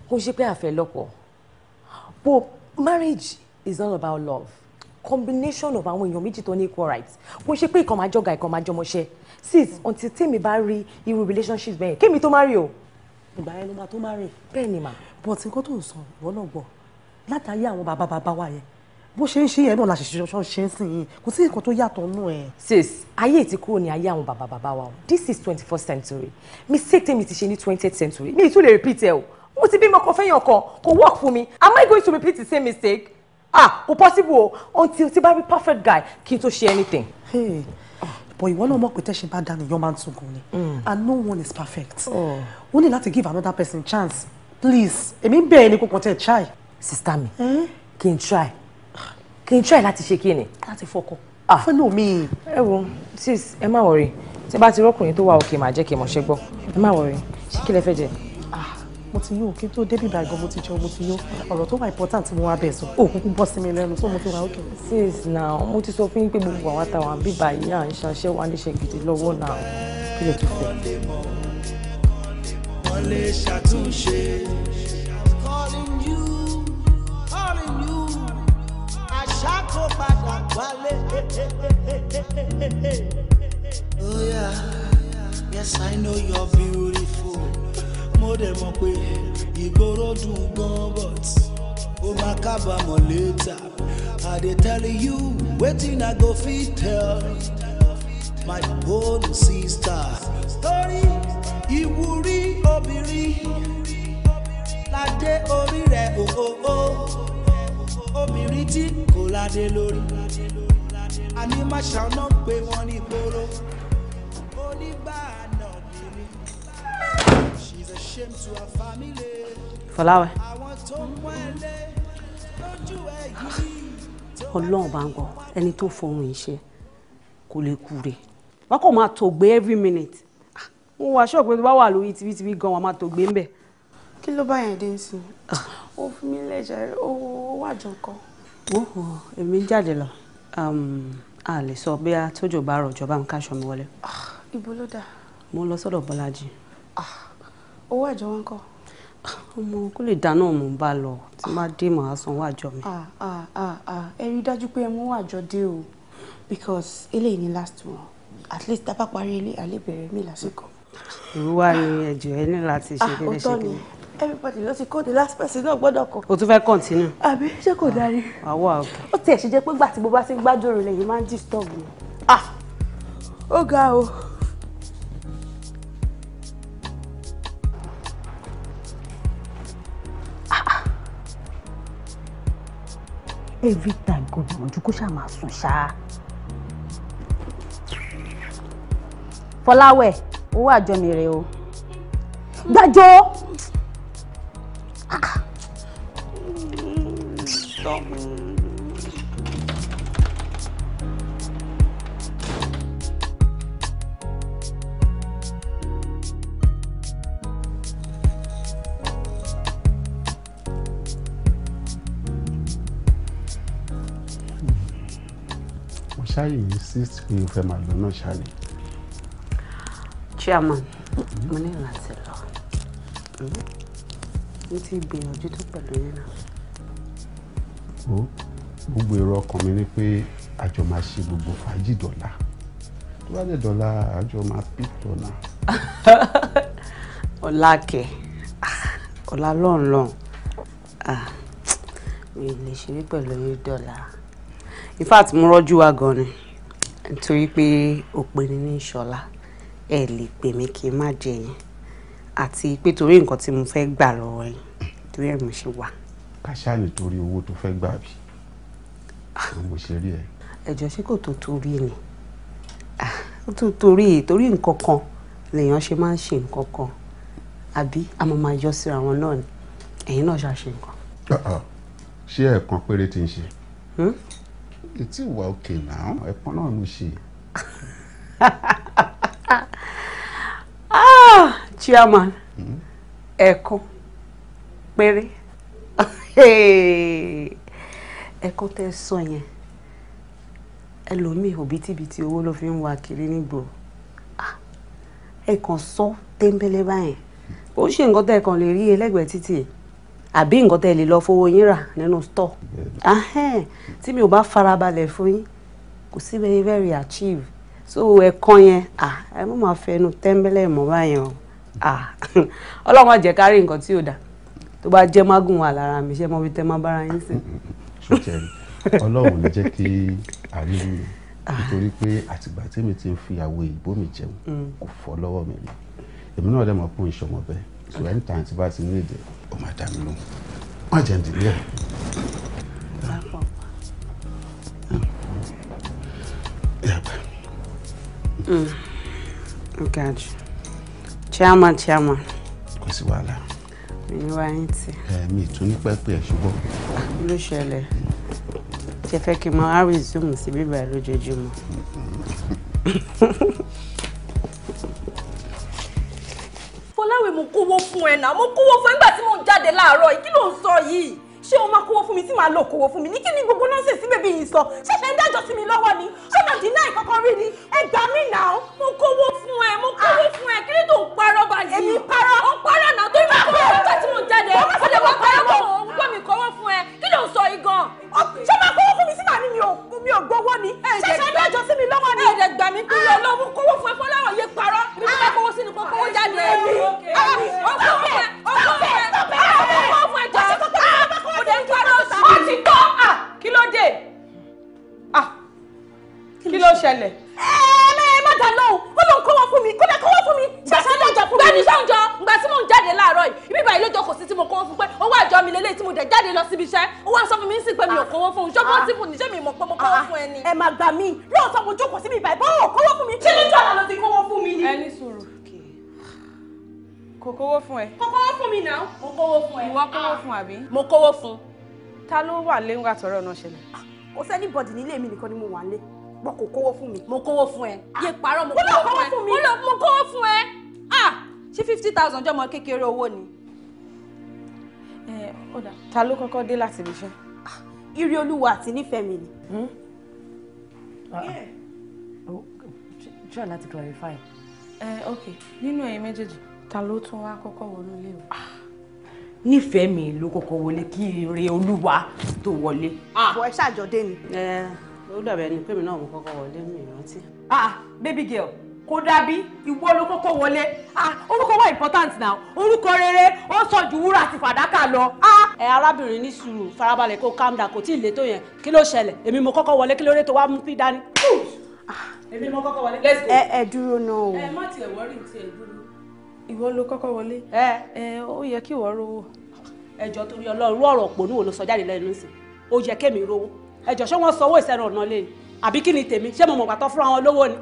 ó ṣe pé àfẹ́ lọ́pọ̀ but marriage is all about love combination of àwọn èèyàn méjì tó ní equal rights kò ṣe pé ìkan máa jọ̀gá ìkan máa jọmọṣẹ́ sis until tèmi bá rí irú relationship bẹ́ẹ̀ kémi tó má rí o. ìgbà yẹn ló máa tó má rí. bẹ́ẹ̀ ni mà. bọ̀tí nǹkan tó ń sọ ìwọ náà gbọ́ látàrí àwọn bàbá bàbá wa yẹn bó ṣe ń ṣe yẹn náà la ṣèṣe ṣọ́ ṣe ń sìn yìí kò sí nǹkan tó yàtọ̀ nù ẹ̀. sis ayé ti kúrò ní ayé àwọn bàbá bàbá wa o this is twenty first century mistake tèmi ti ṣe ní twentieth century mi ì tún lè repeat ẹ o mo ti bímọ kan fẹ́yàn kan kò work for me. am I going to repeat the same mistake ah kò possible o until tí bá rí perfect guy kí n tó ṣe anything. Hey but ìwọ náà mọ̀ pé tẹ́sí bá dání your man tún gùn ni hmm. and no one is perfect o oh. ní láti give another person chance please èmi bẹ́ẹ̀ ni kò kàn tẹ̀ try. sister mi eh? kí n try kí n try láti ṣe kí ni. láti fọkọ. ah follow me. ẹ wo sis ẹ má wọrí tí bá ti rọkùnrin tó wà òkè máa jẹ́ kí n mọ̀ ṣe gbọ́ ẹ má wọrí ṣé kí lẹ fẹ́ jẹ. ah mo ti yó kí n tó débi ìgbà gan mo ti jẹun mo ti yó ọ̀rọ̀ tó wà important mo wá bẹ̀ sọ òkú kú bọ́ sí mi lẹ́nu tó mo ti wà òkè. sis na mo ti sọ fún yín pé gbogbo àwọn àtàwọn bíbá yìí à ń ṣàṣẹ wà níṣẹ́ gidi lọ́wọ́ náà kí lè tó fẹ́. wọ́n lè ṣàtúnṣe. Oh yeah, yes I know you're beautiful. Mo dẹ̀ mọ̀ pé ìgboro dùn gan but ó máa kábàámọ̀ later. I dey tell you wetin I go fit tell my own sister. Story, Torí ìwúrí obìnrin ládé orí rẹ̀ òhòhò oh, oh, oh. obìnrin tí kò de lori àní má ṣàánú pé wọ́n ní gbòòrò onígbà náà bìíní. she's a shame to her family. Fọláwẹ. àwọn tó mọ ẹlẹ lójú ẹ yìí. Ọlọ́run bá ń gbọ́ ẹni tó fọhùn iṣẹ́ kò lè kúre wọ́n kò máa tògbé every minute wọ́n wá ṣọ́ọ̀pù tó bá wà lórí tibítibí gan wọ́n máa tògbé ńbẹ̀. kí ló bá yẹn dé sí i ah. ó fún mi lẹ́jà ó wájú nǹkan. èmi ń jáde lọ. Um, a lè sọ bí a tójò bá rọ̀ jọba ń káṣọ mi wọlé. Ah, ibo ló dáa. mo lọ sọ́dọ̀ bọ́lájì. Ah, owó àjọ wọn kọ́. ọmọ kó lè dáná mò ń bá lọ tí má dé màá sanwó àjọ mi. Ah, ẹ rí i dájú pé ẹ mú àjọ dé o because eléyìí ni last one at least tá a bá parí ilé àlébẹ̀rẹ̀ mi lásìkò. ìwúwa ni ẹ̀jọ̀ ẹ ní láti ṣe kéde ṣe kéde everybody ló ti kó the last person náà gbọ́dọ̀ kọ. o tún fẹ́ continue. àbí ṣé kò darí. àwọ̀ àwọ̀. ó tiẹ̀ ṣe jẹ́ pé gbà tí mo bá ti ń gbàjọrò lẹ́yìn máa ń disturb mi. ah ó ga o. Ah, ah. every time kò gbìyànjú kó ṣáà máa sùn ṣáá. fọláwẹ̀ owó àjọ mi rèé o. gbàjọ́. stop. ṣáàyè yìí sísì pé o fẹ́ máa lọ náà ṣáàyè. chairman mo ní ìrántí lọ mo ti gbìyànjú tó pẹ̀lú yín náà ó gbogbo èrò ọkàn mi ni pé àjọ máa ṣe gbogbo fàájì dọ̀la tó bá dé dọ̀la àjọ máa pick dọ̀la. ọ̀la kẹ̀ ah, ọ̀la lọ́nlọ́n ah, mi lè ṣeré pẹ̀lú yín dọ̀la in fact mo rọ́jú wa gan ni nítorí pé òpin ni ní ìṣọ̀la ẹ lè pè mí kí n má jẹ yín àti pé torí nǹkan tí mo fẹ́ gbà lọ́wọ́ yín torí ẹ̀ mo ṣe wà káṣá lè torí owó tó fẹ́ gbà bí ah. mo ṣe rí ẹ. ẹjọ ṣé kò tó torí ni ah, ó tó torí torí nǹkan kan lèèyàn ṣe máa ń ṣe nǹkan kan àbí àmọ́ máa yọ síra wọn náà ni ẹ̀yin náà ṣàṣe nǹkan. ṣé ẹ̀ẹ̀kan péré ti ń ṣe. Hmm? etí ìwà òkè náà ẹ̀ẹ̀kan náà ló ṣe. Ah, chairman hmm? ẹ̀ẹ̀kan péré. ẹ̀kọ́ tẹ́ sọ yẹn ẹlòmíì òbítíbitì owó ló fi ń kiri nígboro ah! ẹ sọ tẹ́ńbẹ́lẹ́ báyẹn ó ṣe nǹkan le rie kàn lè rí ẹlẹ́gbẹ̀ẹ́ títì àbí nǹkan tẹ́ lè lọ fowó yín rà nínú stọ̀ tí mi ò very achieve so ẹ̀kan yẹn ah! ẹ má máa fẹnu tẹ́ńbẹ́lẹ́ mọ́ báyẹn ah! ọlọ́run á nǹkan tí tó bá jẹ́ mágùn wà lára mi ṣé mo fi tẹ́ máa bára yín sìn. ọlọ́run ló jẹ́ kí àríwú ah. nítorí pé àtìgbà tèmi ti ń fi àwo ìbò mi jẹun mm. kò fọ́ lọ́wọ́ mi rí èmi náà dẹ̀ mọ̀ pé ìṣọ̀mọ̀ bẹ́ẹ̀ so anytime tí bá ti ní èdè ó máa dá mi lóhùn má jẹun dìbò ẹ̀. Mm. Gotcha. Chairman, chairman. Kò sí wàhálà ìwà yín ti. ẹ̀mí ìtún ní pẹ́pẹ́ ẹ̀ ṣùgbọ́n. ló ṣẹlẹ̀ ṣe fẹ́ kí n máa rí zoom sí bíbá lójoojúmọ́. fọláwé mo kówó fún ẹ náà mo kówó fún ẹ nígbà tí mò ń jáde láàárọ̀ yìí kí ló ń sọ yìí ṣé o máa kówó fún mi tí màá lò kówó fún mi ní kí ni gbogbo náà ṣe sí bèbí yìí sọ ṣẹ̀ṣẹ̀ ń dájọ́ sí mi lọ́wọ́ ni ṣé mo dì náà ìkọ̀kọ̀ rí ni ẹ gbà mí náà mo kówó fún ẹ mo kówó ah. fún ẹ kí ni tó ń parọ́ báyìí. èmi parọ́ ó parọ́ náà torí mo kówó fún ẹ tí mo jáde ó lè wá parọ́ mọ́ òun gbọ́ mi kówó fún ẹ kí wà lé ńgbà tọrọ náà ṣẹlẹ̀. kò sẹ́ni bọ̀dì nílé mi nìkan ni mo wà lé wọn kò kówó fún mi. mo kówó fún ẹ. Ah. yé parọ́ mo kówó fún mi. mo kówó fún ẹ. ah ṣé fifty thousand jọmọ kékeré owó ni. ta ló kọ́kọ́ dé láti ibi iṣẹ́. Ah, irí olúwa àti nífẹ̀ẹ́ mi ni. Hmm? Ah, oh, try láti clarify. ok nínú ẹ̀yin méjèèjì ta ló tún wá kọ́kọ́ wọnú ilé wa nífẹ̀ẹ́ mi ló kọ́kọ́ wọlé kí ire olúwa tó wọlé. àbọ̀ ah. ẹ ṣàjọdé ni. ẹ ó dàbẹ̀ ni pèmí náà mo kọ́kọ́ wọlé mi rántí. ah baby girl kò dàbí ìwọ ló kọ́kọ́ wọlé ah orúkọ wa important now orúkọ rere ó sọ ju wúrà àti fàdákà lọ. Ah. ẹ arábìnrin ní sùúrù farabalẹ̀ kó calm down kò tí ì lè tó yẹn kí ló ṣẹlẹ̀ èmi mo kọ́kọ́ wọlé kí ló dé tó wá mú pí dání. Ah, èmi mo kọ́kọ́ wọlé. ẹ ẹ dúró náà o. ẹ má tiẹ̀ wọ́rì tiẹ̀ dúró ìwọ ló kọ́kọ́ wọlé. ẹ ẹ ó yẹ kí ìwọ rówó. ẹjọ torí Ọlọ́run ọ̀rọ̀ pò ní wo ló sọ jáde lẹ́nu sí ó yẹ kémi rówó ẹjọ ṣé wọn sanwó ìsẹrẹ ọ̀nà lé ni àbí kí ni tèmi ṣé mo mọ̀ pàtó fún àwọn olówó ni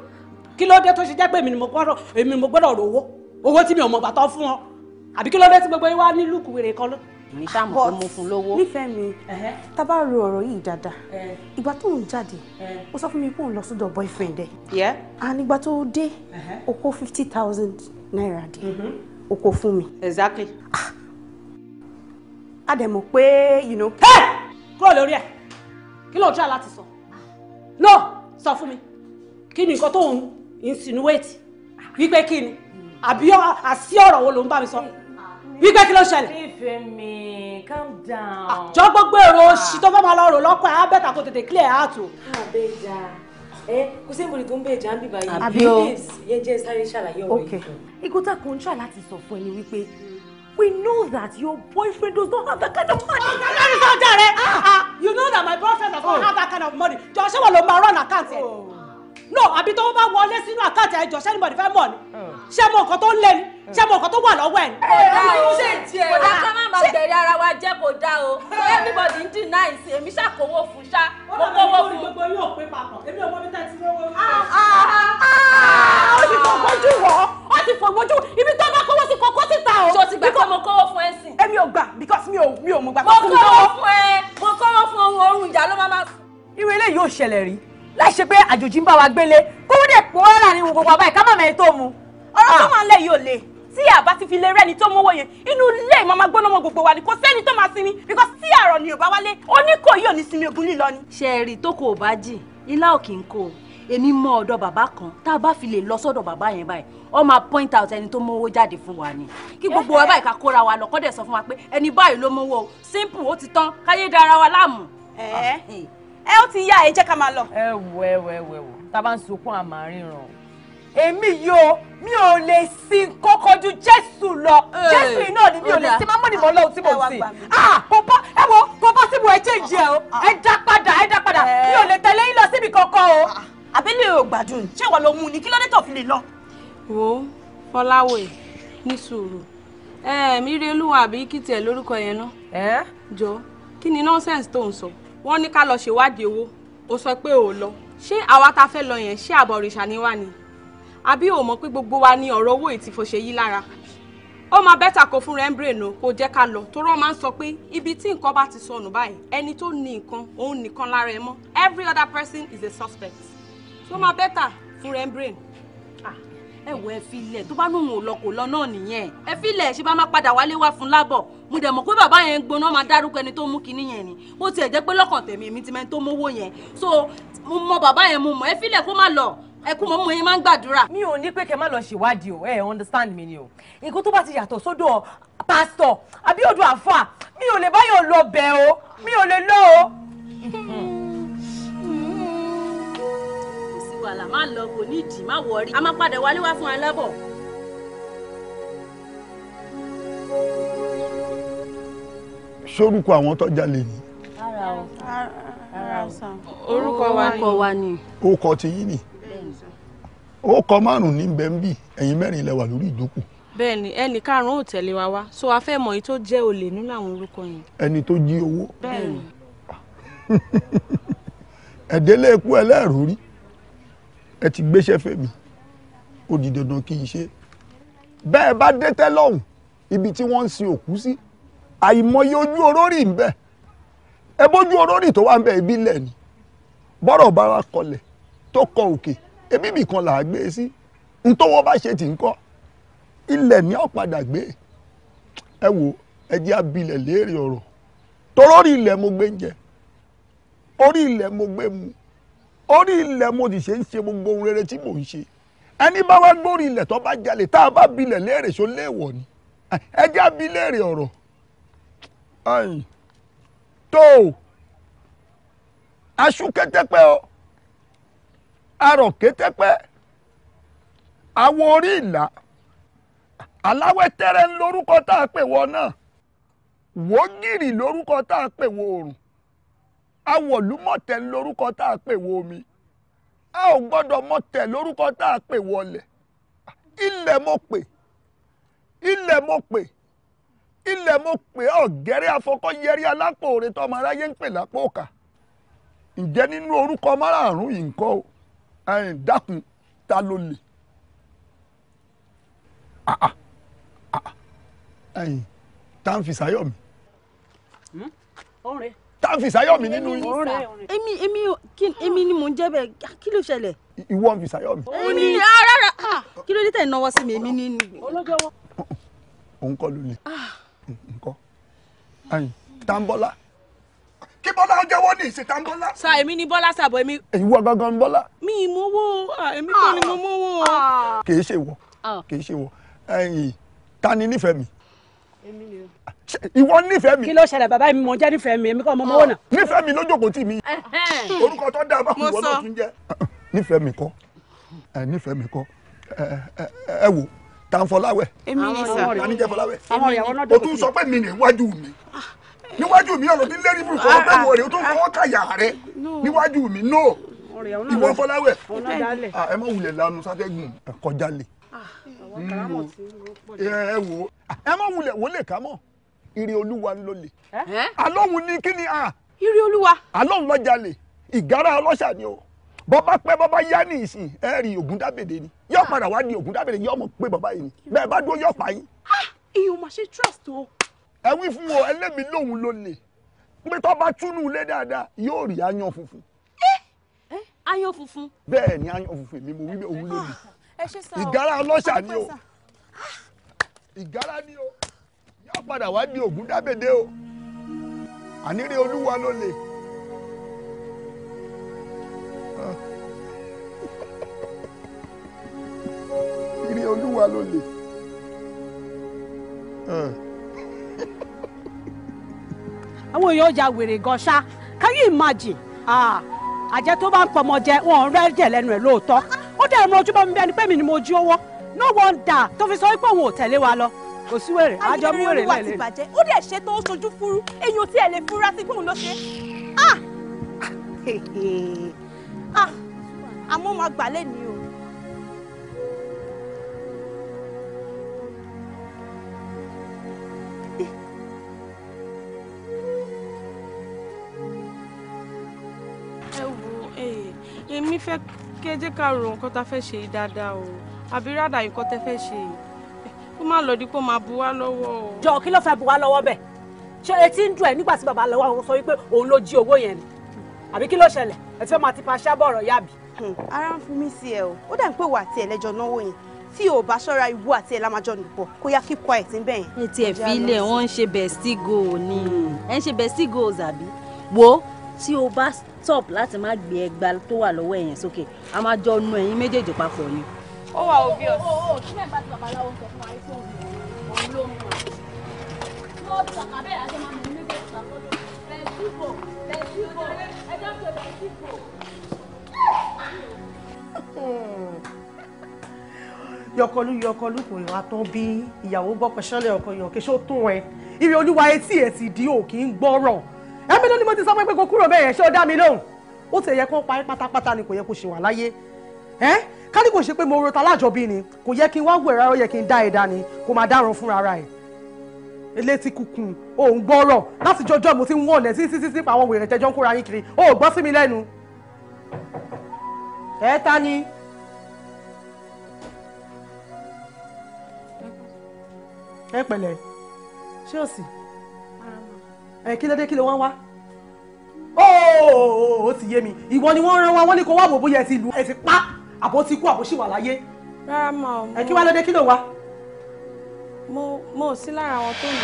kí ló dé tó ṣe jẹ́ pé èmi ni mo gbọ́dọ̀ rówó owó tí mi ò mọ̀ pàtó fún ọ àbí kí ló dé tí gbogbo yín wá ní lùkù wèrè kan lọ. mi ṣáà mọ̀ pé mo fún lówó. nífẹ̀ẹ́ mi tá bá ro ọ̀rọ̀ yìí dáadáa ìgbà tó ń jáde ó sọ fún mi pé òun lọ sọ́dọ̀ boyfriend ẹ̀. and ìgbà tó dé ó fifty thousand náírà díẹ̀ mm-hmm. o kò fún mi. exactly. Ah. a dẹ̀ mọ̀ pé you know. ẹ kúrò lórí ẹ kí ló ń try láti sọ no sọ fún mi kí ni nǹkan tó ń insinuate wípé kí ni àbí àsí ọ̀rọ̀ wo ló ń bá mi sọ wípé kí ló ṣẹlẹ̀. ìfẹ́ mi calm down. àjọ ah, gbogbo èrò òṣì tó fẹ́ máa lọ rò lọ́kọ̀ ẹ̀ á bẹ̀tà kó tètè clear out o. àbẹ̀dà ẹ eh, kò sẹ́ńbọ̀lì tó ń bẹ̀ẹ̀ jáàmbì báyìí àbí o yẹn jẹ́ sáré ṣàlàyé ọ̀rọ̀ yìí. ìkótà kan ń try láti sọ fún ẹni wípé we know that your boyfriend does not have that kind of money. ọ̀gá lórí sọ́jà rẹ̀ you know that my boyfriend does not oh. have that kind of money jọ̀ọ́ ṣé wọ́n ló máa run àkáǹtì ẹ̀ oh. no àbí tó bá wọlé sínú account. ẹ̀ jọ̀ọ́ ṣé anybody fẹ́ mọ̀ ni. Oh ṣé mo nǹkan tó ń lé ni ṣé mo nǹkan tó wà lọ́wọ́ ẹ̀ ni. kò dá o ṣe tiẹ̀ kò dá ká má máa bẹ̀rẹ̀ ara wa jẹ́ kò dá o everybody ń dín náà ṣe èmi ṣàkówó fún ṣá mo kówó fún. gbogbo yóò pé papọ̀ èmi ò mọ bí tẹ́tí lówó. ó ti fọ ojú wọ̀ ó ti fọ ojú ibi tó bá kówó sí kókó síta o. ṣé o ti gbà pé mo kówó fún ẹ sìn. èmi ò gbà because mi ò mi ò mọ̀ gbà pé mo kówó fún ẹ mo kówó fún ohun oorun ìjà ló má má. irú eléyìí ò ṣẹlẹ̀ rí láì ṣe pé àjòjì ń bá wa gbélé kówó dẹ̀ pọ̀ láàrin gbogbo àbáyé ká má mẹ́rin tó mu ọ̀rọ̀ tó ah. wà ń lẹ̀ yìí ò le tí àbá ti fi lè rẹ́ni tó mówó yẹn inú ilé ìmọ̀ọ́mọ́ gbóná mọ́ gbogbo wa ni kò sẹ́ni tó máa sinmi because tí àrọ̀ ni ò bá wálé oníkò yìí ní sinmi ogun lílọ ni. ṣẹ́ẹ̀rì tó kò bá jì ilá òkè ń kó èmi mọ ọ̀dọ̀ bàbá kan tá a bá fi lè lọ sọ́dọ̀ bàbá yẹn báyìí ọ máa point out ẹni tó mówó jáde fún wa ni kí gbogbo wa báyìí ká kóra wa lọ kọ́dẹ̀ sọ fún wa pé ẹni báyìí ló mówó o simple ó ti tán káyé dára wa láàmú. ẹ ẹ ó ti yá ẹ jẹ́ ká máa lọ. ẹ wò ẹ wò ẹ tá a bá ń sunkún àmàríran o èmi yóò mi ò lè sin kókó ju jésù lọ jésù iná ni mi ò lè sin má mọ́nìmọ́ lọ́hùn tí mo sin ah, kò bọ́ ẹ wo kò bọ́ síbu ẹ jẹ́jì ẹ o ah, ah, ẹ dá padà ẹ dá padà eh. mi ò lè tẹ̀lé yín lọ síbi kankan o. àbẹ́lẹ̀ ò gbádùn ṣé ìwọ ló mú ni kí ló dé tó fi lè lọ. wo fọláwọ ní sùúrù ẹ̀ẹ̀mí relúwa àbí kí tiẹ̀ lórúkọ yẹn náà jọ kí ni nọ́ńsẹ̀nsì tó ń sọ wọ́n ní ká lọ ṣèwádìí owó ó sọ pé ò lọ ṣé àwa ta fẹ́ lọ yẹn ṣé àbọ̀rìṣà ni wá ni àbí ò mọ̀ pé gbogbo wa ni ọ̀rọ̀ owó ìtìfò ṣe yí lára ó máa bẹ́tà kó fún rẹ́ńbrèènù kó jẹ́ ká lọ tó rán máa ń sọ pé ibi tí nǹkan bá ti sọnù báyìí ẹni tó ní nǹkan òun nìkan lára ẹ mọ́ every other person is a suspect tó máa bẹ́tà fún rẹ́ńbrèènù. ẹ wo ẹ fi ilẹ̀ tó bá lóun ò lọ kò lọ náà nìyẹn ẹ fi ilẹ̀ ṣe bá má padà wálé wá fún lábọ̀ mo dẹ̀ mọ̀ pé bàbá yẹn ń gbóná máa dárúkọ ẹni tó mú kinní yẹn ni bó tiẹ̀ jẹ́ pé lọ́kàn tèmi èmi ti mẹ́ni tó mówó yẹn so mo mọ bàbá yẹn mo mọ̀ ẹ fi ilẹ̀ kó má lọ ẹkún mọ́ mọ́ yẹn máa ń gbàdúrà. mi ò ní pé kẹ́ má lọ ṣèwádìí o ẹ understand mi ni o nǹkan tó bá ti yàtọ̀ sọ́dọ̀ pásítọ̀ àbí ọ̀dọ̀ àfà mi ò lè báyọ̀ lọ bẹ̀ o mi ò lè lọ o. kò sí wàhálà má lọ kò ní ìdí má wọrí a máa padà wálé wá fún ẹ lọ́bọ̀. sórúkọ àwọn tọ́jà lè ní. o ara orúkọ wa ni. orúkọ wa ti yín ni ó kọ márùn ní bẹ́ẹ̀ ń bì ẹ̀yin mẹ́rin lẹ wà lórí ìjókòó. bẹ́ẹ̀ni ẹnì karùnún ò tẹ̀lé wa wá so a fẹ́ mọ̀ èyí tó jẹ́ olè nínú àwọn orúkọ yẹn. ẹni tó jí owó. bẹ́ẹ̀ni. ẹ̀dẹ́lẹ̀ epo ẹlẹ́rù rí ẹ ti gbéṣẹ́ fẹ́mi ó di dandan kí n ṣe. bẹ́ẹ̀ bá dé tẹ́lọ̀hùn ibi tí wọ́n ń sin òkú sí àìmọye ojú orórì ń ẹ bójú orórì tó wà ń ibi lẹ̀ ni bọ́rọ̀ bá wa kọlẹ̀ tó kọ òkè. Okay ebi bìkan là á gbé e sí ntọ́wọ́ bá ṣe tì ń kọ́ ilẹ̀ ní ọ̀padà gbé ẹ wo ẹjẹ́ abilẹ̀ léèrè ọ̀rọ̀ torórí ilẹ̀ mo gbé ń jẹ orí ilẹ̀ mo gbé mu orí ilẹ̀ mo sì ṣe ń ṣe gbogbo ohun rere tí mò ń ṣe ẹni bá wá gbórí ilẹ̀ tó bá jalè tá a bá bilẹ̀ léèrè ṣó léèwọ̀ ni ẹjẹ́ abilẹ̀ léèrè ọ̀rọ̀ tó aṣú kẹ́tẹ́pẹ́ o arọ̀ kétẹ́pẹ́ àwo orí ìlà aláwẹ̀ tẹ́rẹ̀ ń lórúkọ tá a pè wọ náà wọ́gìrì lórúkọ tá a pè wọ oòrùn awọ̀lúmọ̀tẹ̀ lórúkọ tá a pè wọ omi a ò gbọ́dọ̀ mọ̀tẹ̀ lórúkọ tá a pè wọ ọlẹ̀ ilẹ̀ mo pè ilẹ̀ mo pè ilẹ̀ mo pè ọ̀gẹ́rẹ́ afọkọ́yẹrí alápò òrètọ́mọ aráyé ń pè lápò ọ̀kà ǹjẹ́ nínú orúkọ márààrún yìí ń o ẹ̀yìn dákun ta ló lè ẹ̀yìn tá n fi sáyọ̀ mi. Hmm? ọ̀rẹ́. tá n fi sáyọ̀ mi nínú yín. ọ̀rẹ́ èmi èmi kí èmi ni mò ń jẹ́ bẹ́ẹ̀ kí ló ṣẹlẹ̀. ìwọ ń fi sáyọ̀ mi. èmi ni rárá ah, kí ló dé tẹ̀ náwó sí mi èmi ni. olójó wọn. òun kọ́ ló lè. nǹkan ẹ̀yìn tá n kí bọ́lá jẹ́wọ́ ní ìṣètà bọ́lá. sa èmi ni bọ́lá sàbọ̀ èmi. Eh, ìwọ gangan ń bọ́lá. mi ì mówó èmi kò ní mo mówó. kì í ṣe wọ ah. ah. kì í ṣe wọ ẹyìn ta ni nífẹ̀ẹ́ mi. ni o ìwọ nífẹ̀ẹ́ mi. kí ló ṣẹlẹ̀ bàbá mi mọ̀ jẹ́ nífẹ̀ẹ́ mi èmi kọ́ ọmọ mọ́wọ́ náà. nífẹ̀ẹ́ mi lójókòó tì mí. orúkọ tó dáa báwo ìwọ náà tún jẹ́. nífẹ̀ẹ́ mi kọ́ nífẹ̀ẹ́ mi kọ́ ẹ wò tá n fọláwẹ̀. ta níwájú mi ọ̀rọ̀ bí lérí burúkú ọ̀rọ̀ bẹ́ẹ̀ wọ̀ rẹ̀ o tó ń fọwọ́ kàyà rẹ̀ níwájú mi no ìwọ fọláwẹ̀ ah, ẹ má wulẹ̀ lanu sátẹ́gùn kọjá lè ah, hmm. ẹ wo ah, ẹ má wulẹ̀ wọlé ká mọ̀ ire olúwa ló lè alóhun ní kí ni ire olúwa alóhun lọ́jà lè ìgárá ọlọ́ṣà ni o bọ́bá pẹ́ bọ́bá yá ní ìsìn ẹ rí Ògúndábèdé ni yóò padà wá di Ògúndábèdé yóò mọ̀ pé bàbá yìí ni bẹ́ẹ̀ bá dúró yóò pa yín. ìyóò máa ṣe trust o ẹ wí fún wọn ẹlẹ́mìí lòun ló lè pé tó bá túnú ilé dáadáa yóò rí ayan funfun. ayan funfun. bẹ́ẹ̀ ni ayan funfun mi mo wí pé òun ló lè ah, ìgárá ọlọ́ṣà ni o ìgárá ni o yóò padà wá di ògún dábèdé o àníre olúwa ló lè. ìrè ah. olúwa ló lè. Uh. Ah àwọn èèyàn ya wèrè gan ṣá can you imagine àjẹ tó bá ń pọmọ jẹ wọn rẹ jẹ lẹ́nu ẹ lóòótọ́ ó dẹ̀ mọ ojúbọ mi bí ẹni pé mi ni mo jí owó no wonder tó fi sọ pé òun ò tẹ̀lé wa lọ kò sí wèrè àjọ mú wèrè lẹ́lẹ́. ó dẹ̀ ṣe tó sojú fúru èèyàn tí ẹ lè fura sí gbóhùn ló ṣe. Ah! Ah! àmọ́ máa gbà lẹ́nu o èmi fẹ́ kẹ́ jẹ́ ká rò nǹkan tá a fẹ́ ṣe yìí dáadáa o àbí rádà yìí kọ́ tẹ́ fẹ́ ṣe yìí kó má lọ dípò máa bu wá lọ́wọ́ o. jọ kí ló fẹ́ bu wá lọ́wọ́ bẹ́ẹ̀ ṣé etí ń dùn ẹ́ nígbà tí bàbá lọ́wọ́ àwọn sọ wípé òun ló jí owó yẹn ni àbí kí ló ṣẹlẹ̀ ẹ ti fẹ́ máa ti pa ṣáàbọ̀ ọ̀rọ̀ yá bi. Hmm, ara ń fún mi sí ẹ o ó dà ń pè wà àti ẹ lẹ́jọ́ náwó yẹn tí ò bá ṣọ́ra ìwú àti ẹ lámájọ nìpọ̀ kó yá keep quiet ń bẹ̀ yẹn. ẹ tiẹ̀ fi ilẹ̀ wọ́n ń ṣe bẹ̀ẹ́sì goal ni hmm. ẹ ń ṣe bẹ̀ẹ́sì goals àbí wo tí o bá stop láti má gbé ẹgba tó wà lọ́wọ́ ẹ̀yẹn sókè a máa jọ nu ẹ̀yin méjèèjì papọ̀ ni. ó wà òbí ọ̀. ó ó kí mẹ́ta ti babaláwo sọ fún wa pé òun òun ló mú wa. mo tàkà bẹ́ẹ̀ àti ọmọ mi méjèèjì papọ̀ lẹ́sìkò lẹ́sìkò ẹjọ́ tó lẹ́sìkò. yọkọlú yọkọlú kò yàn atán bí ìyàwó gbọ́ pẹ̀sẹ́lẹ̀ ọkọ yàn kí ṣó tún ẹ ìrè olúwa etí ẹ̀ ti di òkì ń gbọ́rọ̀ ẹ̀mí ló ní mo ti sọ pé kó kúrò bẹ́ẹ̀ yẹn ṣé ó dá mi lóhùn ó ti yẹ kó parí pátápátá ni kò yẹ kó ṣe wà láyé ẹ́ ká ní kò ṣe pé mo rota lájọbí ni kò yẹ kí n wá wù ẹ̀ rárá ó yẹ kí n dá ẹ̀dá ni kò máa dárun fúnra ara ẹ̀ elétí kùkùn òun gbọ́rọ̀ láti jọjọ́ mo ti ń wọ̀nẹ̀ sí sí sí sí àwọn wèrè tẹjọ́ ń kóra yín kiri ó gbọ́ sí mi lẹ́nu. ẹ ta ni. ẹ pẹ̀lẹ́ ṣé o sì. Si? ẹ kí ló dé kí ló wá wá ó ti yé mi ìwọ ni wọ́n rán wa wọ́n ní kó wá wò bóyá ẹ ti lù ẹ ti pa àbó ti kú àbó ṣì wà láyé. ẹ kí wá ló dé kí ló wá. mo mo sí lára wọn tó nù.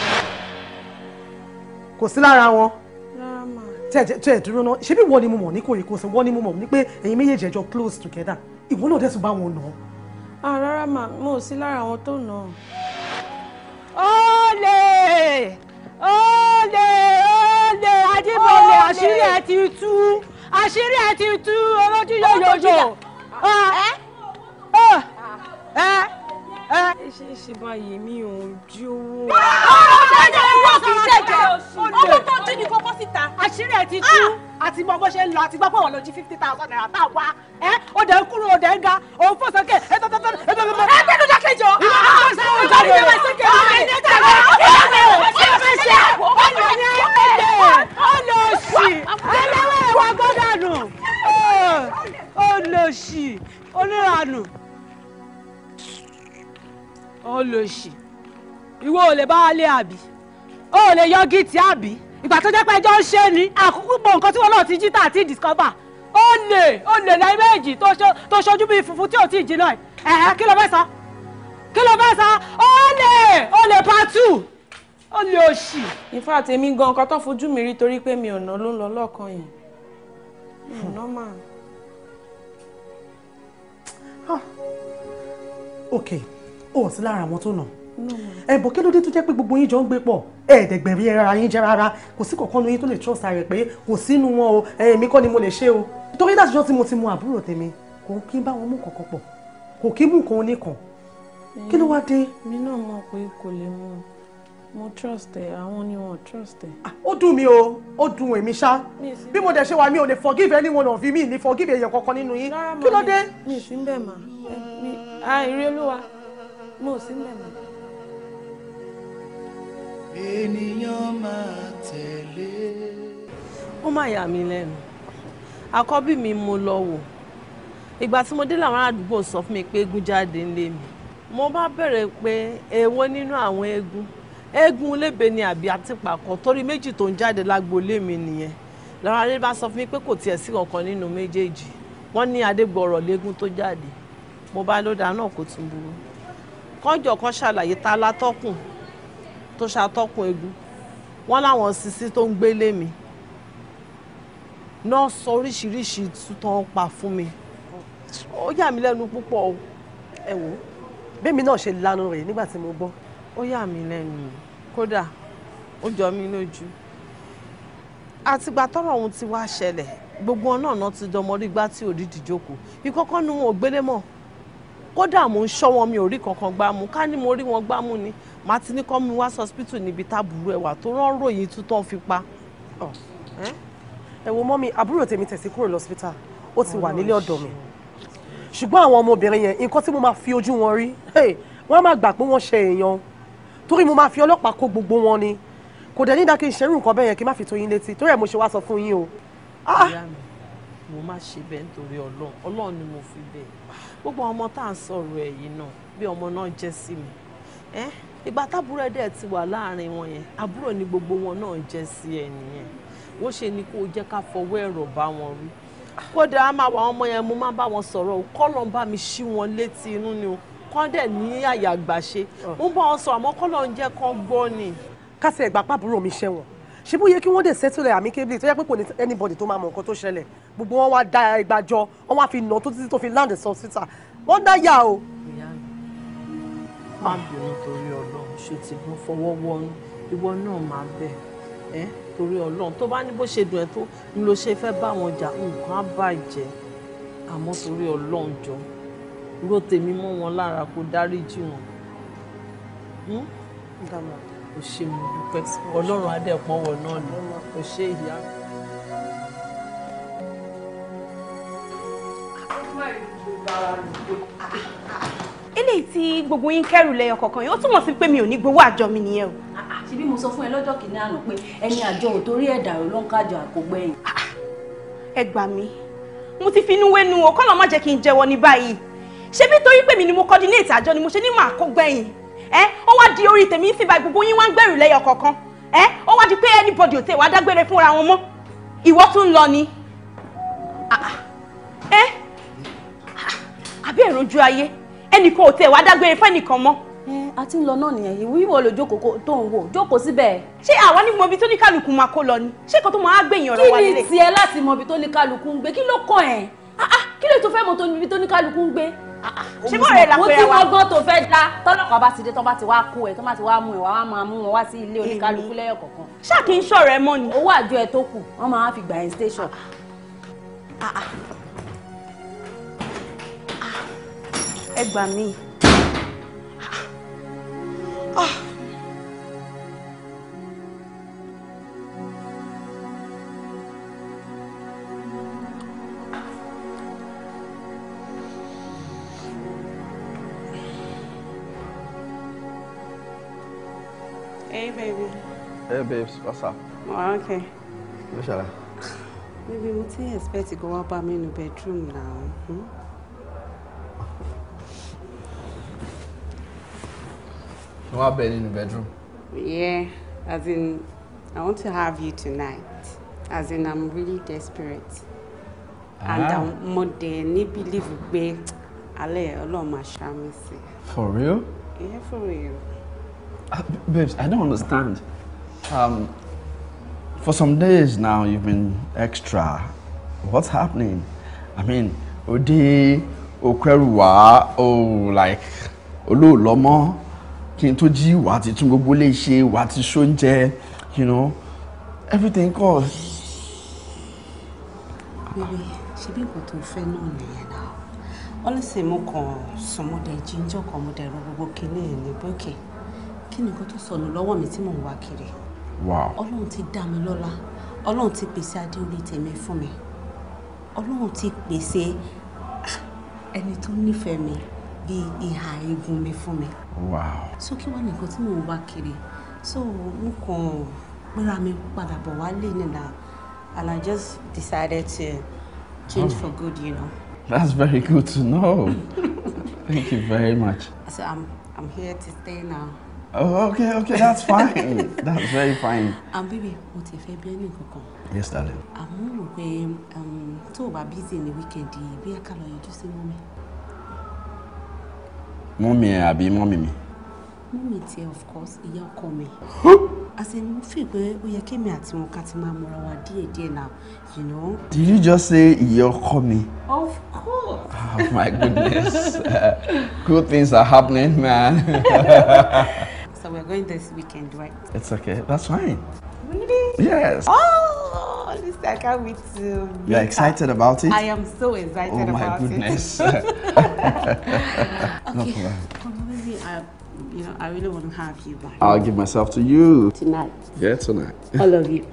kò sí lára wọn. rárá mà ó. tẹ tẹ dúró náà ṣebí wọ́n ni mo mọ̀ ní kò yẹ kó sọ wọ́n ni mo mọ̀ ní pé ẹ̀yin méjèèjì ẹjọ close together ìwọ náà dẹ̀sùn bá wọn nà. ah rárá mà mo sí lára wọn tó nà. ó lè olè olè àdìbòlè àṣírí ẹ ti tú àṣírí ẹ ti tú olójú yòyòyò. ẹ ẹ ẹ. ṣe é ṣe báyìí mi ò jí owó. ọ̀rọ̀ jẹ́jẹ́ irọ́ kì í ṣẹ̀jẹ̀ owó tó jí ní kókó síta. àṣírí ẹ̀ ti tú àti mọ bó ṣe ń lọ àti gbọ́ pé wọ́n lọ jí fifty thousand naira tá a wá ẹ ó dẹ̀ ń kúrò ó dẹ̀ ń ga òun fò sókè ẹ tó tó tó ẹ tó tó tó. ẹ gbẹ́nu dákẹ́jọ. ìwọ náà ló ń sọ ọ́ jáde ọ̀ ẹ̀ ní tẹ̀lé ọ̀ṣẹ̀ fẹsẹ̀ ọ̀lẹ̀ ní ọ̀lẹ̀ ọlọ́ọ̀ṣì lẹ́lẹ́wẹ̀ wọ́n gbọ́dọ̀ nù ọlọ́ọ̀ṣì oníranù olóṣì ìwọ ò lè bá wálé àbí ó ò lè yọ gíìtì àbí ìgbà tó jẹ́ pé ẹjọ́ ń ṣe ni àkókò gbọ́ nǹkan tí wọ́n náà ti jí tà àti discover ó lè ó lè lẹ́yìn méjì tó ṣojú bíi funfun tí ò tí ì jí náà ẹ̀ẹ́ kí ló fẹ́ sọ kí ló fẹ́ sọ ó lè ó lè pa two ó lè òṣì. in fact èmi gan nǹkan tó fojú mi rí torí pé mi ò ná ló ń lọ lọ́ọ̀kan yìí mi ò ná mà. Ah, okay ó sí lára àwọn tó nà ẹ̀bọ̀ kí ló dé tó jẹ́ pé gbogbo yín jọ ń gbé pọ̀ ẹ̀ẹ́dẹ̀gbẹ̀rí ara yín jẹ́ rárá kò sí kọ̀ọ̀kan yín tó lè trust ara rẹ̀ pé kò sínú wọn o èmi kọ́ ni mo lè ṣe o torí dájújọ́ tí mo ti mu àbúrò tèmi kò kí n bá wọn mú kọ̀ọ̀kan pọ̀ kò kí mú nǹkan oníkan mm. kí ló wá dé. mi náà mọ̀ pé kò lè mú un mo trust ẹ àwọn ni wọn trust ẹ. Ah, ó dùn mí o ó dùn èmi ṣá bí mo dẹ̀ ṣe wà mí ò lè forgive anyone of mi ní forgive èèyàn kankan nínú yín kí ló dé. mi ì sí bẹ́ẹ̀ mà á ah, ìrírí olúwa mo sì ń bẹ̀ ènìyàn máa tẹ̀lé. ó má yà mí lẹ́nu àkọ́bí mi mo lọ wò ìgbà tí mo dé làwọn àdúgbò sọ fún mi pé eégún jáde ńlé mi mo bá bẹ̀rẹ̀ pé èwo nínú àwọn eégún eégún lébè ni àbí àtìpàkọ́ torí méjì tó ń jáde lágboolé mi nìyẹn lọ́wọ́ adé bá sọ fún mi pé kò tiẹ̀ sí kankan nínú méjèèjì wọ́n ní adégbọ̀rọ̀ léegun tó jáde mo bá ló náà kò tún burú kọjọ kan ṣàlàyé ta látọkùn tó ṣàtọkùn egun wọn láwọn sisi tó ń gbélé mi náà sọ oríṣiríṣi tuntun pa fún mi ó yà mí lẹ́nu púpọ̀ o ẹ wò bẹ́ẹ̀mi náà ṣe lanu rẹ̀ nígbà tí mo gbọ́. ó yà mí lẹ́nu kódà ó jọ mí lójú àtìgbà tọ́rọ̀ ohun ti wá ṣẹlẹ̀ gbogbo ọ náà náà ti dọmọ gbá tí ò rí dìjókòó nu wọn ò gbélé mọ́ kódà mò ń ṣọ́ wọn mi ò rí kankan gbá mú ká ní mo rí wọn gbá mú ni màá ti ní kọ́ mi wá sọ́spítù níbi táàbùrú ẹ̀ wà tó rán ròyìn tuntun fi pa. ẹ wo mọ́mi àbúrò tèmi tẹ̀sí kúrò lọ́sítà ó ti wà oh, nílé ọ̀dọ̀ mi ṣùgbọ́n àwọn ọmọbìnrin yẹn nǹkan tí mo máa fi ojú wọn rí wọ́n máa gbà pé wọ́n ṣe èèyàn torí mo máa fi ọlọ́pàá kó gbogbo wọn ni kò dẹ̀ nídàá kí n ṣerú nǹkan bẹ́ẹ̀ yẹn kí n má fi tó yín létí torí ẹ̀ mo ṣe wá sọ fún yín o. Ah! ìyá mi mo má ṣe bẹ́ẹ̀ nítorí ọlọ́run ọlọ́run ni mo fi bẹ́ẹ̀ gbogbo ọmọ tá à ń sọ̀rọ̀ ẹ̀ yìí náà bí ọmọ náà jẹ́ sí mi ìgbà tábúrò ẹ̀dẹ̀ ti wà láàrin wọn yẹn àbúrò ni gbogbo wọn náà jẹ́ sí ẹ nìyẹn wọ́n ṣe ni kó o jẹ́ ká fọwọ́ ẹ̀rọ bá wọn rí kódà á máa wà ọmọ yẹn mo máa bá wọn sọ̀rọ̀ o kọ́lọ̀ ń bá mi ṣí wọn létí inú ni o kán dẹ̀ ní àyàgbà ṣe mo bá wọn sọ àmọ́ kọ́lọ̀ ń jẹ́ kán gbọ́ ni. kásẹ̀ ìgbà pàbúrò mi ṣẹ́wọ̀n ṣé bó yẹ kí wọ́n dẹ̀ settle amicably tó yẹ pé kò ní anybody tó máa mọ nǹkan tó ṣẹlẹ̀ gbogbo wọn wá da ìgbàjọ wọn wá fi nà tó títí tó fi land sọsítà wọ́n dá yà o. má bínú torí ọlọ́run ṣe ti bọ́ fọwọ́ wọnú ìwọ náà máa bẹ̀ ẹ́ torí ọlọ́run tó bá ní bó ṣe dùn ẹ́ tó ń lo ṣe fẹ́ bá wọn jà nǹkan á bàjẹ́ àmọ́ torí ọlọ́run jọ ró tèmi mọ́ wọn lára kó dáríjì wọn. Hmm? dàmọ́ o ṣe dúpẹ́ ọlọ́run adẹ́pọ̀wọ̀ náà ni o ṣe ìyá. eléyìí tí gbogbo yín kẹrù lẹ́yọ kọ̀ọ̀kan yìí ó túmọ̀ sí pé mi ò ní gbowó àjọ mi nìyẹn o. Ah, ah, ṣebí mo sọ fún ẹ lọ́jọ́ kìíní àná pé ẹni àjọ ò torí ẹ̀dà ló ń kájọ àkọgbẹ́yìn. Ah, ẹ gbà mí mo ti fi inú wẹ́nu o kọ́ lọ́ọ́ má jẹ́ kí n jẹ́wọ́ ní báyìí ṣebí torí pé ni mo coordinate àjọ ni mo ṣe ní màá kó ẹ eh? ó wá di orí tèmi sí báyìí gbogbo yín wá ń gbèrú lẹ́yọ kọ̀ọ̀kan ẹ eh? ó wá di pé anybody ò tẹ wá dágbére fúnra wọn mọ́ ìwọ tún lọ ni ẹ ah, ah. eh? ah, àbí ẹ̀rọ ojú ayé ẹnìkan ò tẹ wá dágbére fẹ́nìkan mọ́ a ti ń lọ náà nìyẹn ìwú ìwọ ló jókòó tó ń wò jókòó síbẹ̀. ṣé àwa ní mọbi tó ní kálukú máa kó lọ ni ṣé kò tó máa gbẹ̀yìn ọ̀rọ̀ wa lélẹ̀. kí ni tiẹ̀ láti mọbi tó ní kálukú ń gbé kí ló kàn ẹ́ kí ló tó fẹ́ mọ tó níbi tó ní kálukú ń gbé ṣé bó rẹ̀ làpẹ̀rẹ̀ wa. mo ti mọ gbọ́n tó fẹ́ dá tọ́lọ́pàá bá ti dé tọ́ bá ti wá kó ẹ̀ tọ́ bá ti wá mú ẹ̀ wá máa mú wọn wá sí ilé oníkálukú lẹ́yọ̀ kọ̀ọ̀kan. ṣáà kì í ṣọ̀rọ̀ ẹ mọ́ ni. owó àjọ ẹ tó kù wọ́n máa fi gbà yẹn station. ẹ gbà mí. Hey, babes, what's up? Oh, okay. Where shall I? Maybe we didn't expect to go up I'm in the bedroom now. Hmm? You want bed in the bedroom? Yeah, as in, I want to have you tonight. As in, I'm really desperate. Ah. And I'm more than believe me? alẹ́ Ọlọ́run máa ṣá mi sí. For real? Yeah, for real. Uh, babes, I don't understand. Um, for some days now, you've been extra. What's happening? I mean, Odi, Okweruwa, oh, like, Olu Ololomo, Kintoji, wàá ti tún gbogbo you know, everything goes. Baby, she be got to fẹ́ on nìyẹn náà. Wọ́n lè ṣe mú kan sọmọdé jíjọ́ kan mọ̀dẹ̀ rọ gbogbo kínní ẹ̀ ní bókè. Kí ni nǹkan tó sọnù lọ́wọ́ mi tí ọlọ́run ti dá mi lọ́lá ọlọ́run ti pèsè adé orí tèmi fún mi ọlọ́run ti pèsè ah, ẹni tó nífẹ̀ẹ́ mi bíi ìhà eegun mi fún mi. so kí wàá nìkan tí mò ń wá kiri so mo kàn gbéra mi padà bọ̀ wálé nìlà and I just decided to change oh. for good you know. That's very good to know. Thank you very much. So I'm I'm here to stay now. Oh, okay, okay, that's fine. that's very fine. Um, baby, what if fẹ́ bí ẹni kankan. Yes, darling. Àmọ́ rò pé um, tó o bá busy ní weekend Be a ẹ you just say mommy. Mommy, Mọ́mí ẹ Mommy, mọ́mí mi? Mọ́mí of course, ìyá ọkọ mi. As in, figure, we pé ó yẹ kémi àti wọn ká ti máa múra now, you know. Did you just say ìyá ọkọ mi? Of course. Oh my goodness. uh, good things are happening, man. going this weekend, right? It's okay. That's fine. Really? Yes. Oh, this I can't wait to. You're excited about it? I am so excited oh, about it. Oh my goodness. okay. No I, you know, I really want to have you back. I'll give myself to you. Tonight. Yeah, tonight. All of you.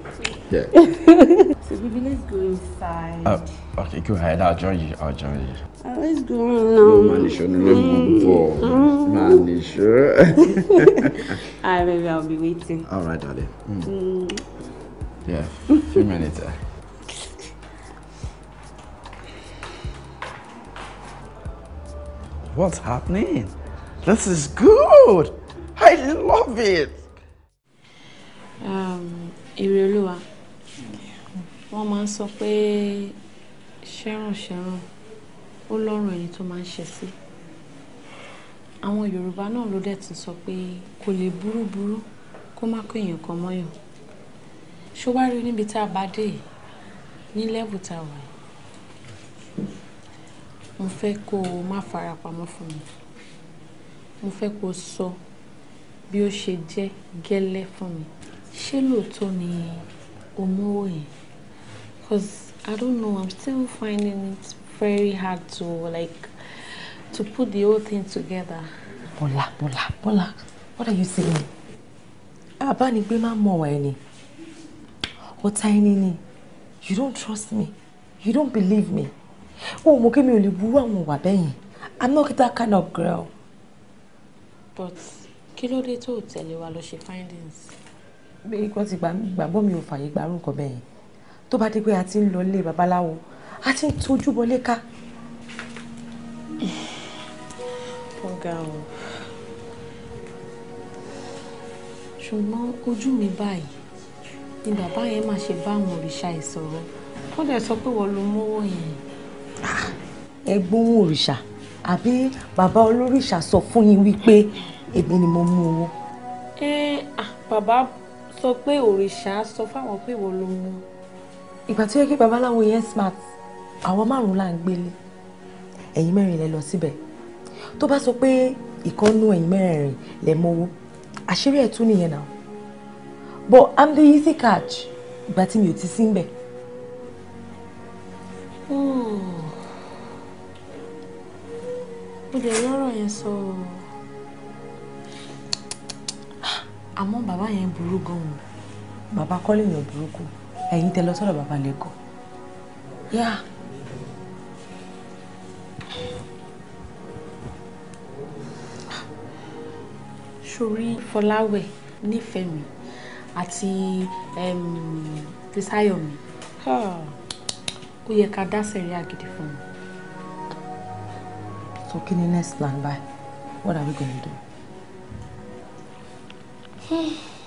Yeah. so, baby, let's go inside. Oh. Okay, go ahead. I'll join you. I'll join you. Uh, let's on now. Manisha, man, sure. No, mm. mm. man, baby, I'll be waiting. All right, darling. Mm. Mm. Yeah, a few minutes. Uh. What's happening? This is good. I love it. Um, Ireolúwa, wọ́n máa ń sọ pé ṣẹ́rùn ṣẹ́rùn ó lọ́rùn ẹni tó máa ń ṣe sí àwọn Yorùbá náà ló dẹ̀ tún sọ pé kò lè burú burú kó má kó èèyàn kan mọ́yàn ṣó wá rí níbi tá a bá dé ní lẹ́bù tá a wà mo fẹ́ kó o má fara pamọ́ fún mi mo fẹ́ kó o sọ bí ó ṣe jẹ́ gẹ́lẹ́ fún mi ṣé lóòótọ́ ni o mówó yẹn cause I don't know. I'm still finding it very hard to like to put the whole thing together. Bola, Bola, Bola, what are you saying? Abanigbe máa mọ̀ wá ẹni. Ọ̀tá ẹni ni. You don't trust me. You don't believe me. Oh, mọ̀ kí mi ò lè burú àwọn I'm not that kind of girl. But kilo ló dé tó tẹ̀lé wa lọ ṣe findings? Bí ikọ́ ti gbàgbọ́ mi ò fààyè gbárùn kan bẹ́ẹ̀ yẹn tó bá dé pé a ti ń lọ ilé babaláwo a ti ń tọ́jú bọlé ká. ọ̀gá o ṣùgbọ́n ojú mi báyìí ni bàbá yẹn máa ṣe bá àwọn òrìṣà ìsọ̀rọ̀ wọ́n dẹ̀ sọ pé wọ́n ló mówó yẹn. ẹ̀gbọ́n òrìṣà àbí bàbá olórìṣà sọ fún yín wípé èmi ni mo mú owó. ẹ bàbá sọ pé òrìṣà sọ fáwọn pé wọ́n ló mú ìgbà tó yẹ kí babaláwo yẹn smart àwọn márùn là ń gbélé ẹ̀yin mẹ́rin lẹ lọ síbẹ̀ tó bá sọ pé ìkọ́nú ẹ̀yin mẹ́rin lẹ mọ́wó àṣírí ẹ̀ tún nìyẹn náà but i'm the easy catch ìgbà tí mi ò ti sí ń bẹ̀. Hmm. mo dẹ̀ lọ́rọ̀ yẹn sọ ah, àmọ́ bàbá yẹn burú gan-an bàbá kọ́lé yẹn burúkú ẹ̀yin tẹ lọ sọ́dọ̀ bàbá lẹ́kọ̀ọ́ yá. sori fọláwẹ nífẹ̀mí àti fisayomi ó yẹ ká dá sẹ̀ríà gidi fún mi. so kí ni next plan báyìí what are we gonna do. Hmm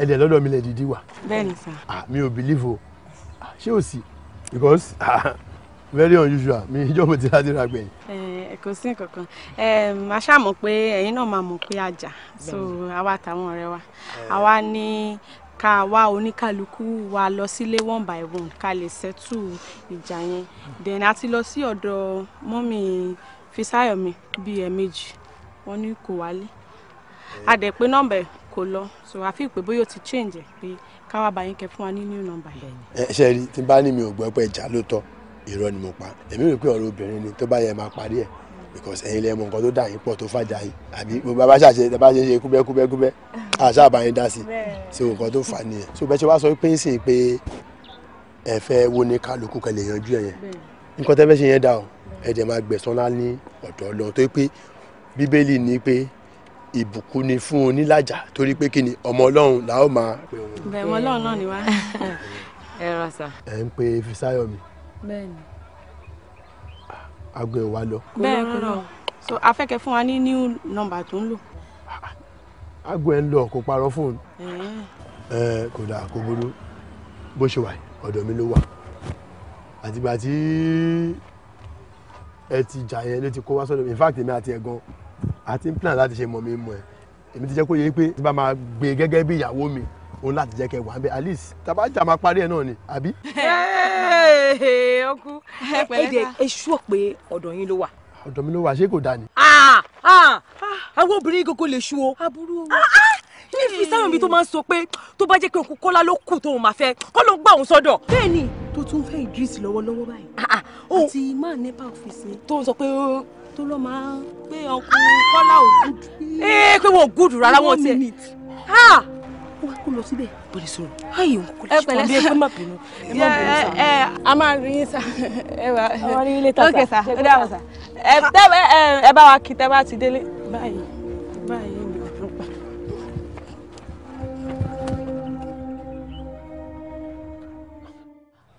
ẹ dẹ̀ lọ́dọ̀ mi lẹ̀ dìdí wà. bẹ́ẹ̀ni sà. mi ò believe o ṣé o sì because very unusual mi ìjọ mo ti láti ra gbẹ̀yìn. ẹ kò sí nǹkan kan a ṣáà mọ̀ pé ẹ̀yin náà máa mọ̀ pé àjà so àwa àtàwọn ọ̀rẹ́ wa àwa ní ká wá oníkálukú wa lọ sílé one by one ká lè settle ìjà yẹn then a ti lọ sí ọ̀dọ̀ mọ́mì Fisáyọ̀mí bíi ẹ̀ẹ̀mejì wọ́n ní kò wálé a dẹ̀ pé nọ́mbà ẹ̀ kò lọ so àfi pé bóyá o ti change ẹ̀ pé káwá bá yín kẹ fún wa ní new number. ẹ ṣe rí tí n bá ní mi ò gbọ́ pé ìjà ló tọ́ irọ́ ni mo pa èmi rò pé ọ̀rọ̀ obìnrin ni tó bá yẹ máa parí ẹ̀ because ẹ̀yin lẹ mọ nǹkan tó dà yín pọ̀ tó fàjà yín àbí bàbá bá ṣàṣe bá ṣe ṣe kúbẹ́kúbẹ́kúbẹ́ àṣà àbáyín dá sí ṣe nǹkan tó fà nìyẹn so bẹ́ẹ̀ ṣe wá sọ pé ń sìn pé ẹ fẹ́ wo ni kálukú kẹlẹ̀ yanjú ẹ̀ yẹn nǹkan tẹ́ ṣe yẹn dà o ẹ jẹ́ máa gbẹ̀sán lá ní ọ̀dọ̀ ọlọ́run tó pé bíbélì ní pé ìbùkún ni fún onílàjà torí pé kí ni ọmọ ọlọ́run la ó máa pè wọ́n. bẹ́ẹ̀ ọmọ ọlọ́run náà ni wá. ẹ rọ sà. ẹ ń pe Fisáyọ̀ mi. bẹ́ẹ̀ni. aago ẹ wá lọ. bẹ́ẹ̀ kò lọ so afẹ́kẹ́ fún wa ní new number tó ń lò. aago ẹ ń lọ kó parọ́ fóònù. ẹ kò dáa kó burú bó ṣe wà ọ̀dọ̀ mi ló wà àtìgbà tí ẹ ti jà yẹn ló ti kó wá sọ́dọ̀ in fact èmi àti ẹ̀ gan-an àti plan láti ṣe mọ̀ mi mọ̀ ẹ́ èmi ti jẹ́ kó yẹ pé tí bá máa gbé gẹ́gẹ́ bí ìyàwó mi òun láti jẹ́ kẹ́ wà ń bẹ alice tabajà máa parí ẹ̀ náà ni àbí. ọkú ẹ pẹ̀lẹ́ ọ̀pẹ ọ̀dọ̀ yín ló wà. ọ̀dọ̀ mi ló wà ṣé kò dáa ni. Ah, ah, ah, àwọn obìnrin kókó lè ṣú o. aburú o ní fi sáwọn ibi tó máa ń sọ pé tó bá jẹ́ pé òkú kọ́lá ló kù tóun máa fẹ́ kọ́ ló ń gbà òun sọ́dọ̀. bẹ́ẹ̀ni tó tún fẹ́ Idris lọ́wọ́lọ́wọ́ báyìí àti máa nepa òfìsì tó ń sọ pé tó lọ máa pé ọkùnrin kọ́lá ò gúdù. ee eh, pé wọn ò gúdù rárá wọn tiẹ̀ ó kú lọ síbẹ̀. bọ́lí sọ̀rọ̀ ayé òun kò lè ṣe kàn bí ẹ pé má bínú ẹ má bínú eh, sá. ẹ eh, a máa rí yín ẹ wà ẹ rí yín létà sá ẹ bá wa kí tẹ́ bá ti délé. báyìí báyìí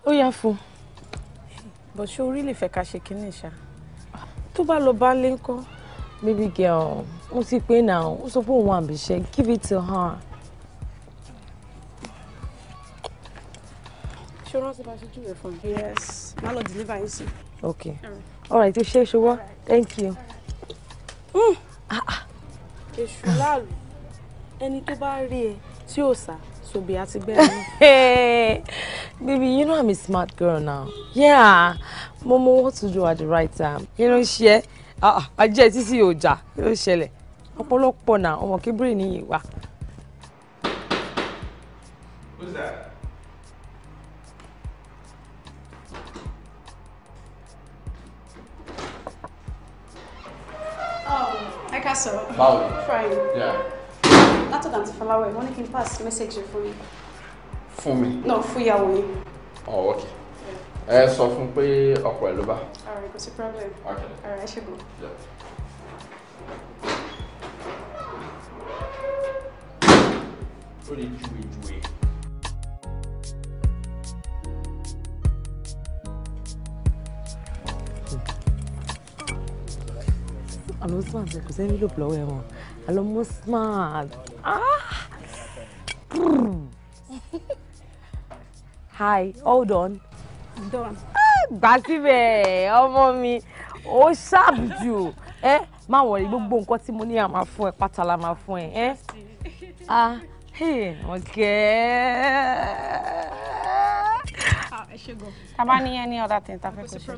ó yà fún un bó orí lè fẹ́ ká ṣe kínní ṣá tó bá lọ bá lé ńkọ́ baby girl mo ti pé náà ó sọ pé òun àbíṣẹ́ give it to her. ṣé rántí bá ṣe júwèé fún mi. yes má lọ deliver yín sí. ok all right ṣe ṣọwọ́ thank you. Hmm. Ah, ah. èṣù ẹni tó bá rí ẹ tí ò sá sobi àti gbẹ́rẹ́. baby you know i'm a smart girl now. yeah Momo, what to do at the right time? Kí ló ń ṣe ẹ́? Ah, ah, Ajẹ́ títí ọjà, kí ló ṣẹlẹ̀? Ọ̀pọ̀lọpọ̀ náà, ọmọ kébìrì nìyí wà. Who's that? Ẹ oh, káàsán. Báwo ni? Friday. Yeah. Látọ̀dà àti Fọláwẹ̀, wọ́n ní kí n pass message fún mi. Fún mi? No, fún ìyàwó yìí. Oh, okay ẹ sọ fún pé ọkọ ẹ ló bá. alright kò sí problem. okay alright ṣe gùn. ó lè juwe juwe. àlọ́ smart kò sẹ́ni lò lọ́wọ́ ẹ̀ wọ̀n àlọ́ mọ́ smart. Ah! Hi, hold on. Ah, gbà síbẹ̀ ọmọ mi ó ṣáàbù jù ẹ má wọrí gbogbo nǹkan tí mo ní àmà fún ẹ pátá la máa fún ẹ ẹ ah ọ̀kẹ́. Ah, taba ní yẹn ní ọ̀dà tẹ̀ ta fẹ́ kó ṣe.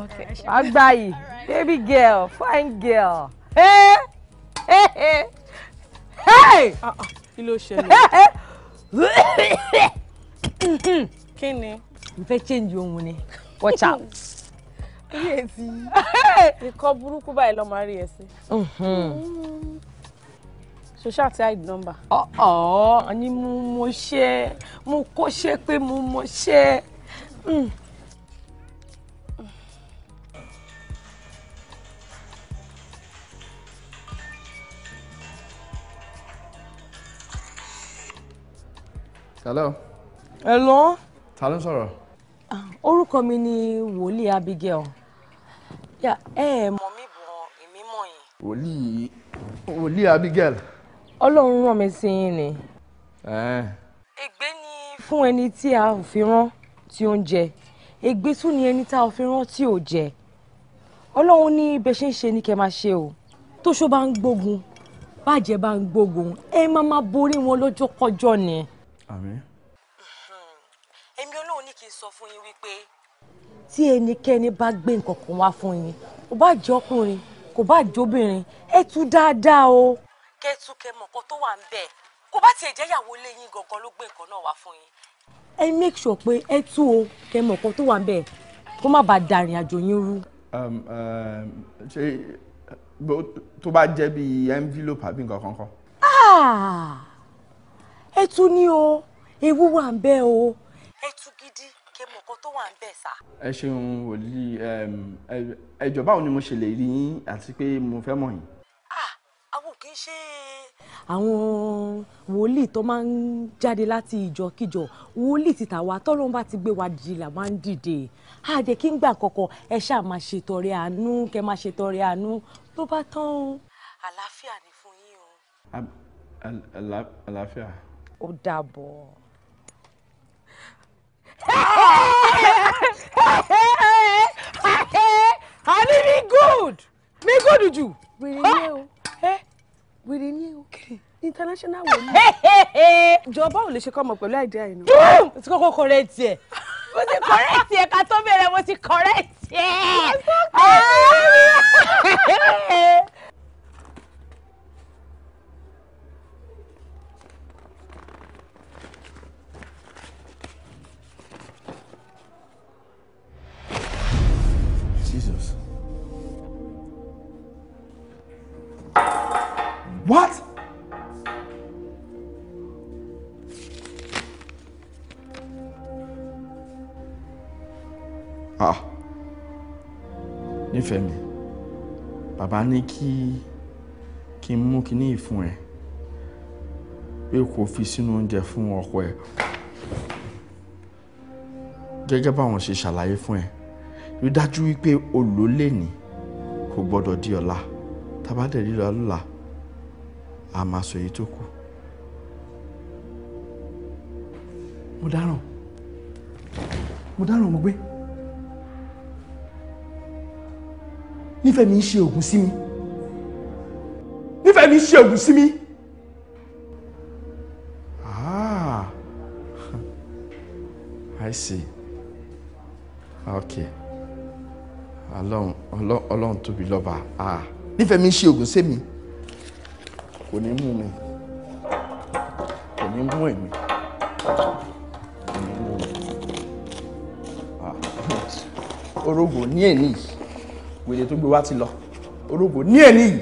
Okay. Agbayi, baby girl, fine girl. Hey! Hey! Hey! Hey! Ah, kí ló ṣẹlẹ̀? kí ni. n fẹ́ change ohun ni watch out. iye ti ikọ̀ burúkú báyìí lọ́ọ́ máa rí ẹ sí. social mm-hmm. àti hide number. ọ̀ọ́ ni mo mo ṣe mo kó ṣe pé mo mo ṣe. Mm. Hello. Hello? Ta ló ń sọ̀rọ̀? Orúkọ mi ni Wòlíì Abigail. Ẹ ẹ̀ mọ̀ mí bọ̀ èmi mọ̀ yín. Wòlíì Wòlíì Abigail. Ọlọ́run rán mi sí yín ni. Ègbé ni fún ẹni tí a ò fi rán tí ó ń jẹ. Ègbé tún ni ẹni tá a ò fi rán tí ò jẹ. Ọlọ́run ní ibẹ̀ ṣe ń ṣe ni kẹ́ máa ṣe o. Tóṣó bá ń gbógun, bàjẹ́ bá ń gbógun, ẹ máa máa borí wọn lọ́jọ́ kọjọ́ ni. Àmín ọlọ́run ní kí n sọ fún yín wípé. tí ẹnikẹ́ni bá gbé nǹkan kan wá fún yín kò bá jẹ́ ọkùnrin kò bá jóbìnrin ẹ tú dáadáa o. kẹ́tù kẹmọ̀ kan tó wà ń bẹ̀ kó bá tiẹ̀ jẹ́ ìyàwó ilé gangan ló gbé nǹkan náà wá fún yín. ẹ make sure pé ẹ tú o kẹmọ̀ kan tó wà ń bẹ̀ kó má bàa da àjò yín rú. Um, um, ṣé tó bá jẹ́ bíi envelope àbí nǹkan kankan. Ah! ẹ tú ní o ewu wà ń bẹ̀ o wà ń bẹ̀ sá. ẹ ṣeun wòlíì ẹ jọ̀ọ́ báwo ni mo ṣe lè rí yín àti pé mo fẹ́ mọ̀ yín. àwọn kì í ṣe àwọn wòlíì tó máa ń jáde láti ìjọkíjọ wòlíì ti tàwa tọ́lọ́run bá ti gbé wa dìde là máa ń dìde àdè kí n gbà kọ̀kọ̀ ẹ ṣáà máa ṣètọrẹ àánú kẹ máa ṣètọrẹ àánú tó bá tán o. àlàáfíà ni fún yín o. àlàáfíà. ó dàbọ̀. I àní mi good Me good jù. wèrè ni ẹ o wèrè ni ẹ o kiri international wo ni. jọba ò lè ṣe kọ́mọ pẹ̀lú àìdí àìní. o ti kọ́kọ́ kọrẹ́ tiẹ̀ mo ti kọrẹ́ tiẹ̀ ká tó bẹ̀rẹ̀ mo ti kọrẹ́ tiẹ̀. Ah! What? Ah. Nífẹ̀ẹ́ mi, bàbá ní kí kí n mú kinní ìfún ẹ pé kò fi sínú oúnjẹ fún ọkọ ẹ gẹ́gẹ́ báwọn ṣe ṣàlàyé fún ẹ rí dájú wípé olólè ní kò gbọ́dọ̀ di ọ̀la tá bá dẹ̀ a máa sọ èyí tó kù mo dáràn mo dáràn mo gbé nífẹ̀ẹ́ mi ń ṣe oògùn sí mi nífẹ̀ẹ́ mi ń ṣe oògùn sí mi. ah i see ah, okay ọlọ́run ọlọ́run tóbi lọ́ba ah nífẹ̀ẹ́ mi ń ṣe oògùn sí mi kò ní mú mi kò ní mú èmi kò ní mú mi orogo ní èní yìí wèrè tó gbé wá ti lọ orogo ní èní yìí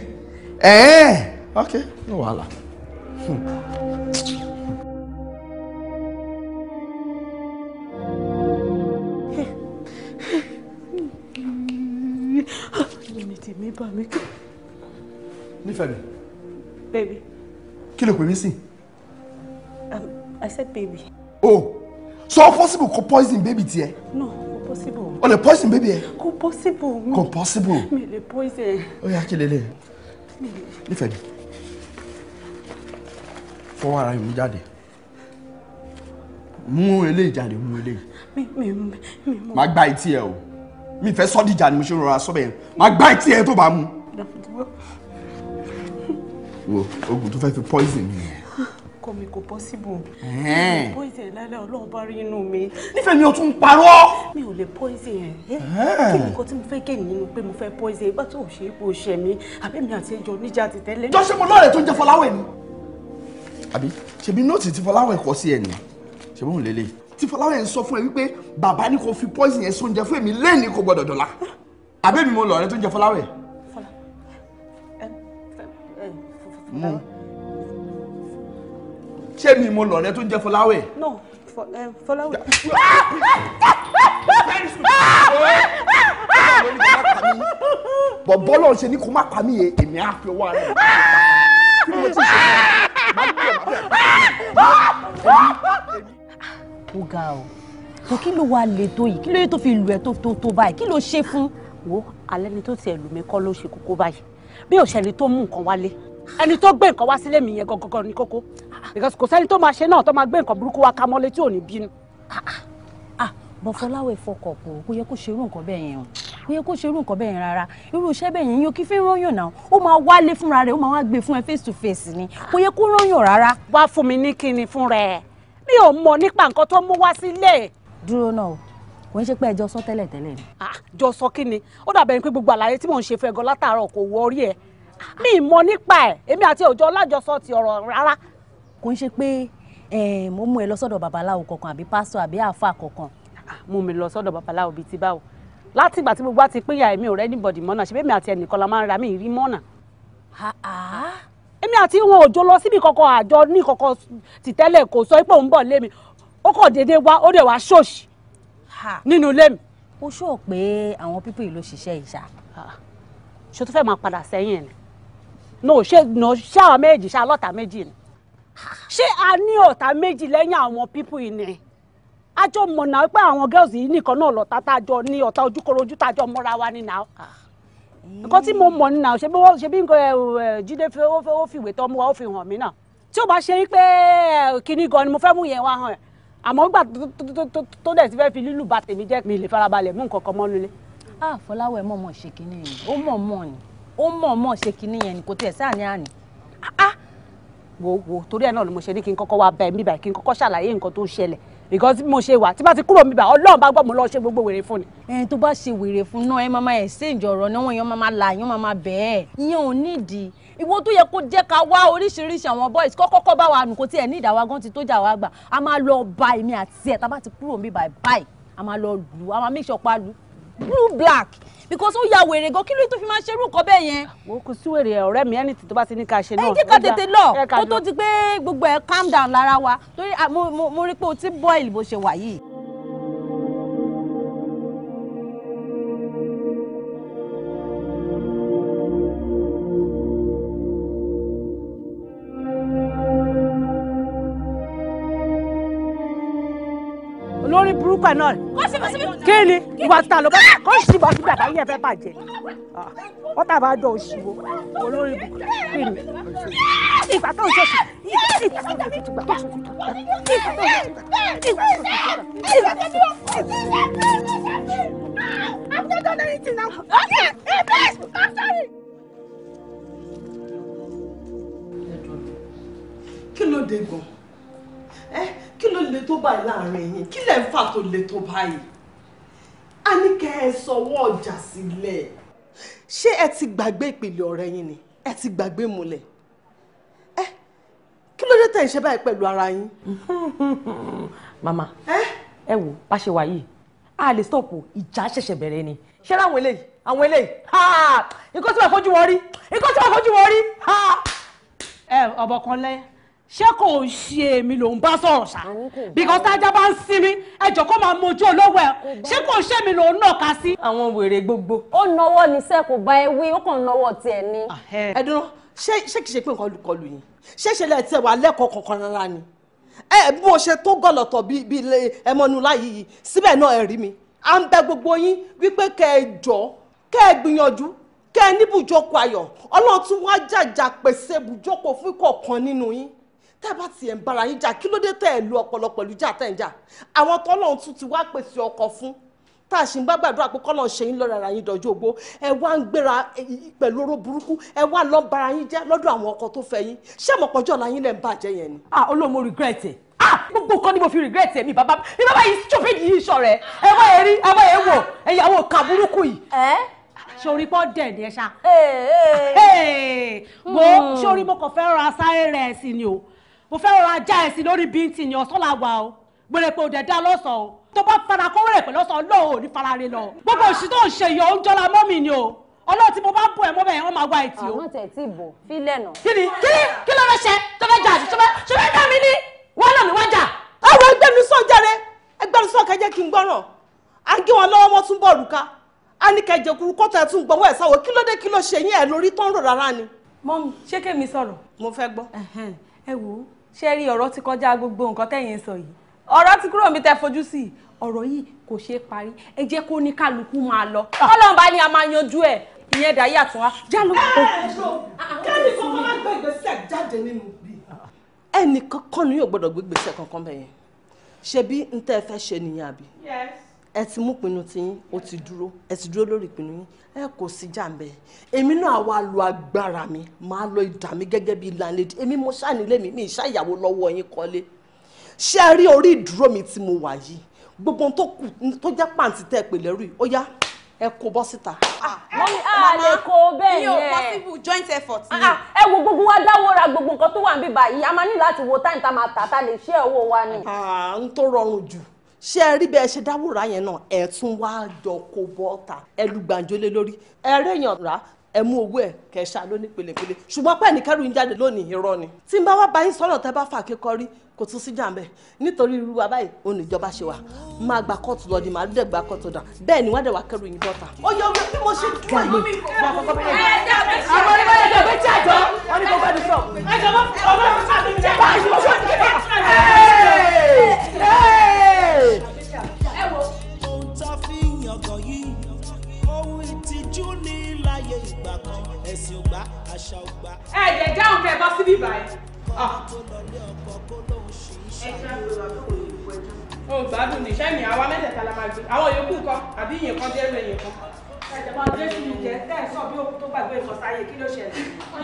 ẹ̀ẹ́n ok no wàhálà. Nífẹ̀ẹ́ mi pè mí sí. Um, I said baby. Oh so possible kò poison baby tiẹ̀. No kò possible. O lè poison baby ẹ. Kò possible. Kò possible. Mi lè poison. Ó yá kí lélẹ̀. Nífẹ̀ẹ́ mi. Fọwọ́ ara mi jáde. Mú eléyìí jáde mú eléyìí. Mi mi mi mọ. Màá gba etí ẹ o. Mi fẹ́ sọ́díjà ni mo ṣe rọra sọ́bẹ̀ yẹn. Màá gba etí ẹ tó bá mu wo oògùn tó fẹ́ fi poison mi. ọkọ mi kò possible. poison ẹ̀ lálẹ́ ọlọ́run bá rí inú mi. nífẹ̀ẹ́ mi ò tún parọ́. mi ò lè poison ẹ̀. kí nǹkan tí mo fẹ́ gé nínú pé mo fẹ́ poison ìgbà tó ṣe é kó ṣe mí àbẹ́mi àti ẹjọ́ níjà ti tẹ́lẹ̀. jọ́sẹ̀ mo lọ́ọ̀rẹ́ tó ń jẹ́ fọláwẹ̀ ni. àbí ṣebí nóòtì tí fọláwẹ̀ kọ sí ẹ̀ ni ṣebí òun lélẹ̀ tí fọláwẹ̀ ń sọ fún ẹ wípé bàbá ni kò fi poison yẹn sóúnjẹ fún èmi lẹ́ẹ̀ni kò gbọdọ̀ dọ̀la àbẹ́mi mo lọ́ọ̀rẹ́ tó ń jẹ́ fọláwẹ̀ mú ṣé mi mo lọ̀rẹ́ tó ń jẹ́ Fọláwẹ̀. no eh, Fọláwẹ̀. bọ̀bọ́ lọ́n ṣe ni kò má pa mí yẹ èmi á fi owó ara rẹ̀ kí ni mo ti ṣe ó ga ọ kò kí ló wàá lè tó yìí kí ló yẹ tó fi lù ẹ tó tó báyìí kí ló ṣe fún. wo alẹ́ ni tó tiẹ̀ lù mí kọ́ ló ṣe kókó báyìí bí òṣèlú tó mú nǹkan wálé ẹni tó gbé nǹkan wá sílé mi yẹn gangan ní kókó because kò sẹ́ni tó máa ṣe náà tó máa gbé nǹkan burúkú wá ká mọ́lé tí ò ní bínú. Ah, ah, bọ̀ Fọláwẹ̀ fọkàn pò kó yẹ kó ṣerú nǹkan bẹ́ẹ̀ yẹn o kó yẹ kó ṣerú nǹkan bẹ́ẹ̀ yẹn rárá irú iṣẹ́ bẹ́ẹ̀ yẹn yóò kí fi rányàn náà ó máa wálé fúnra rẹ̀ ó máa wá gbé fún ẹ face to face ni kó yẹ kó rányàn rárá. wá fún mi ní kíni fúnra ẹ mi ò mọ nípa nǹkan tó mú wá sílé. dúró náà o kò ń ṣe pé ẹ jọ sọ tẹ́lẹ̀ tẹ́lẹ̀ ni. Ah, jọ sọ kí ni ó dàbẹ̀ ni pé gbogbo àlàyé tí mò ń ṣe fẹ́ gan látàárọ̀ kò wọ orí mi ì mọ nípa ẹ̀ èmi àti òjò ọlájọsọ ti ọ̀rọ̀ rárá. kò ń ṣe pé eh, mo mú ẹ lọ sọ́dọ̀ babaláwo kankan àbí pásítọ̀ àbí àáfà kankan. Ah, mú mi lọ sọ́dọ̀ babaláwo bíi ti báwo láti ìgbà tí gbogbo àti pínyà èmi ò rẹ́ anybody mọ́nà ṣe bẹ́ẹ̀ mi àti ẹnìkan la máa ń ra mi ìrí mọ́nà. èmi àti wọn òjò lọ síbi kankan àjọ ní kankan tìtẹ́lẹ̀ kò sọ pé òun bọ̀ lé mi ó kàn déédéé wá ó dẹ̀ wá ṣòṣì nínú ilé mi. ó ṣó pé àwọn pípé ló ṣiṣẹ́ ìṣá. Ah, ṣé o fẹ́ máa padà sẹ́yìn ẹ̀ ni no ṣé no ṣé àwọn méjì ṣé alọ́ta méjì ni ṣé a ní ọ̀tá méjì lẹ́yìn àwọn pípù yìí ni a jọ mọ̀ náà pé àwọn girls yìí nìkan náà lọ́tà tá a jọ ní ọ̀tá ojúkoro ojú tá a jọ mọ́ra wa ni náà nǹkan tí mo mọ̀ ni náà ṣe bí wọ́n ṣe bí nǹkan jíde fi ó fìwé tọ́ mú wa ó fi hàn mí náà tí ó bá ṣe pé kinní gan ni mo fẹ́ mú yẹn wá hàn ẹ̀ àmọ́ gbà tó dẹ̀ ti fẹ́ fi lílù bà tèmi jẹ́ mi lè farabalẹ̀ mú nǹkan kan mọ́ nulẹ̀. ah Fọláwẹ mọ̀ọ́mọ̀ ṣe kinní yìí ó mọ̀ọ́mọ̀ ni ó mọ̀ọ́mọ̀ ṣe kinní yẹn ni kò tiẹ̀ sáà ní àní ah wo wo torí ẹ̀ náà ni mo ṣe ní kí n kọ́kọ́ wá bẹ́ẹ̀ bíbà kí n kọ́kọ́ ṣàlàyé nǹkan tó ṣẹlẹ̀ because mo ṣe wà tí bá ti kúrò mi ọlọ́run bá gbọ́ mo lọ ṣe gbogbo wèrè fún ni. ẹ tó bá ṣe wèrè fún náà ẹ máa ẹ ṣe ìjọ̀rọ̀ náà èèyàn máa la èèyàn máa bẹ́ẹ̀ ìyẹn ò nídìí ìwọ tó yẹ kó jẹ́ ká wá oríṣiríṣi àwọn boys kọ́kọ́kọ́ bá wa nù kó tiẹ̀ ní ìdáwà gan ti tó jà wá gbà a máa lọ ba èmi àti ẹ̀ tá bá ti kúrò mi báyìí a máa lọ lù a máa make sure pa lù blue black because ó ya wèrè gan kí ló tó fi máa ṣerú nǹkan bẹ́ẹ̀ yẹn. mo kù sí wèrè ọ̀rẹ́ mi ẹni tó bá ti ní ká ṣe náà. ẹ jẹ́ ká tètè lọ kó tó ti pé gbogbo ẹ̀ calm down lára wa torí mo rí pé o ti boil bó ṣe wà yìí. orúkọ náà rẹ kí ni ìwà ta ló bá kọ́ sí síbi àbáyé ẹ fẹ́ bàjẹ́ ah, wọ́n tà bá dọ̀ òṣìwò olórí ibùkún kí ni ìgbà tó ń ṣẹ̀ṣẹ̀ ìgbà tó ń ṣẹ̀ṣẹ̀ ìgbà tó ń ṣẹ̀ṣẹ̀ ìgbà tó ń ṣẹ̀ṣẹ̀ I've Okay, please, I'm sorry. Kí ló dé gan-an? ẹ eh, kí ló le tó báyìí láàrin yín kí lẹ̀ ń fà tó le tó báyìí a ní kẹ́ ẹ sọwọ́ ọjà sílẹ̀. ṣé ẹ ti gbàgbé ìpìlẹ̀ ọ̀rẹ́ yín ni ẹ ti gbàgbé múlẹ̀ ẹ eh, kí ló dé tẹ̀ ń ṣe báyìí pẹ̀lú ara yín. màmá eh? ẹ wò bá ṣe wà yìí a lè stọ̀pù ìjà ṣẹ̀ṣẹ̀ bẹ̀rẹ̀ ni ṣé láwọn eléyìí àwọn eléyìí nǹkan tí wọ́n fojú wọn rí nǹkan tí wọ́n fojú wọn rí. ẹ ọ̀bọ̀ kan lẹ́yìn ṣé kò ń ṣe èmi ló ń bá sọ̀rọ̀ ṣá because tájà bá ń sinmi ẹjọ́ kó máa mojú olówó ẹ̀ ṣé kò ń ṣe èmi ló ń nàka sí. àwọn wèrè gbogbo. ó nọwọ́ ni sẹ́ kò bá ẹ wí ó kàn nọwọ́ tiẹ̀ ni. Ah, ẹ dúró ṣé ṣé kìí ṣe pé nǹkan kọlù yín ṣé ṣe lẹ́ẹ̀ tẹ̀ wá lẹ́kọ̀ọ́ kankan rárá ni. ẹ bí mo ṣe tó gọ̀lọ̀tọ̀ bíi bíi ẹmọnu láyé yìí síbẹ̀ náà ẹ rí mi à ń bẹ gbogbo yín wípé kẹ́ ẹ jọ kẹ́ ẹ gbìyànjú kẹ́ ẹ níbùjókòó ayọ̀ ọlọ́run tún wá jàjà pèsè ibùjókòó fún kọ̀ọ̀kan nínú yín tẹ́ bá tiẹ̀ ń bára yín jà kí ló dé tẹ́ ẹ̀ lu ọpọlọ pẹ̀lú jà tẹ́ ń jà àwọn tọ́lọ́run tún ti wá pèsè ọkọ̀ fún tá a sì ń bá gbàdúrà pé kọ́lọ́n ṣe yín lọ́ra ara yín dọ̀jú ògbó ẹ wá ń gbéra pẹ̀lú oró burúkú ẹ wá lọ́ bara yín jẹ́ lọ́dọ̀ àwọn ọkọ tó fẹ́ yín ṣé mọ̀pọ̀jọ́ la yín lẹ̀ ń bàjẹ́ yẹn ni. ah olóò mo regret ẹ ah gbogbo nǹkan ni mo fi regret ẹ mi bàbá mi bàbá yìí stupid yìí sọ̀rọ̀ ẹ ẹ wá ẹ rí ẹ wá ẹ wò ẹ̀yàwó kan burúkú yìí sori pọ dẹ ni ẹ ṣá. wo sori hmm. mo kàn fẹ́ ra sáré rẹ̀ sí ni o mo fẹ́ rọra já ẹ̀ sí lórí bíntì ni ọ̀sán la wà o gbèrè pé òdẹ̀ dá lọ́sàn-án o tó bá fara kó wẹ̀rẹ̀ pẹ̀ lọ́sàn-án lóò ò ní fara rẹ lọ gbogbo ah. òṣì tó ń ṣe yọ oúnjẹ la mọ́ mi ni o ọlọ́run tí mo bá bọ̀ ẹ̀ mọ́ bẹ́ẹ̀ wọ́n máa wá ẹ̀tì o. àwọn ah, tẹ̀ tí bò fílẹ̀ nà. kí ni kí ni kí ló fẹ́ ṣe tó fẹ́ jà àti tó fẹ́ ṣe fẹ́ dá mi ní wọ́n náà mi wá jà. àwọn ẹgbẹ́ mi sọ jàre ẹgbẹ́ mi sọ kẹjẹ kí n gbọ́ràn à ń gé wọn lọ́wọ́ wọ́n tún bọ̀ rúkà á ní kẹjẹ kúrú kọ́tà tún gbọ́wọ́ ẹ̀ sáwọ́ kí ló dé kí ló ṣe yín ẹ̀ lórí tán rò rárá ni. mọ́mí ṣé kémi sọ̀rọ̀. mo fẹ́ gbọ́. ẹ wò ó ṣé rí ọ̀rọ̀ ti kọjá gbogbo nǹkan tẹ̀yin sọ yìí ọ̀rọ̀ ti kúrò níbi tẹ́ fojú sí i ọ̀rọ̀ yìí kò ṣeé parí ẹ jẹ́ kó ní kálukú máa lọ ọlọ́run bá ní a máa yanjú ẹ̀ ìyẹn dàáyé àtúnwá já lọ. kẹ́ni kọ́kọ́ máa gbé ìgbésẹ̀ jáde nínú bí. ẹnì kankan ni yóò gbọ́dọ̀ gbé ìgbésẹ̀ kankan bẹ́yẹn ṣebí n tẹ́ ẹ fẹ́ ṣe nìyẹn àbí. yes ẹ ti mú pinnu tiyín ó ti dúró ẹ ti dúró lórí ìpinnu yín ẹ kò sí jàǹbẹ èmi náà wàá lo agbára mi máa lo ìdá mi gẹ́gẹ́ bíi landlady èmi mo ṣànílé mi mi ìṣàyàwó lọ́wọ́ yín kọ́lé ṣé ẹ rí orí ìdúró mi tí mo wà yìí gbogbo ohun tó jẹ́ pàǹtí tẹ́ ẹ pè lẹ́rù yìí ó yá ẹ kó bọ́ síta. Ah, ah, mọ́mí ah, a lè kó bẹ́ẹ̀ yẹn. mi ò possible joint effort ni. ẹ wo gbogbo wa dáwọ́ ra gbogbo nǹkan tó wà níbí báyìí a máa ní láti wo táyìn tá a lè ṣe ṣé ẹ rí bí ẹ ṣe dáwó ra yẹn náà ẹ tún wá jọ kó bọ́ta ẹ lu gbàǹjọlé lórí ẹ rẹ̀yàn rà ẹ mú owó ẹ kẹṣà lónìí pẹ̀lẹ́pẹ̀lẹ́ ṣùgbọ́n pẹ́ẹ́nì kẹ́rù ń jáde lónìí irọ́ ni tí n bá wá bá yín sọ̀rọ̀ tẹ́ bá fà kékọ́rí kò tún sí jàǹbẹ́ nítorí irú wa báyìí òun ìjọba ṣe wà máa gba kóòtù lọ ni màá dẹ̀ gba kóòtù dà bẹ́ẹ̀ ni wọ́n dẹ̀ wá kẹ́rù yín bọ́ta. ó yọ bí mo ṣe dúró yìí ẹ wo. ohun tá a fi yàngàn yìí ohun ìtìjú ní láyé ìgbà kan ẹ̀sìn ògbà àṣà ògbà. ẹ jẹ́ dáhùn kẹ́ bọ́ síbí báyìí. ẹ jẹ́ àgbẹ̀wò àbúrò ìlú ẹjọ́. ohun gbádùn ní sẹ́yìn àwa mẹ́tẹ̀ẹ̀ta la máa gbé àwọn yòókù kan àbí ìyẹn kan dẹ́rù ẹ̀yìn kan ẹ̀jẹ̀ máa jẹ́ sí mi jẹ́ tẹ́ ẹ̀ sọ bí òkú tó gbàgbé ìsọ sáyé kí ló ṣẹlẹ̀.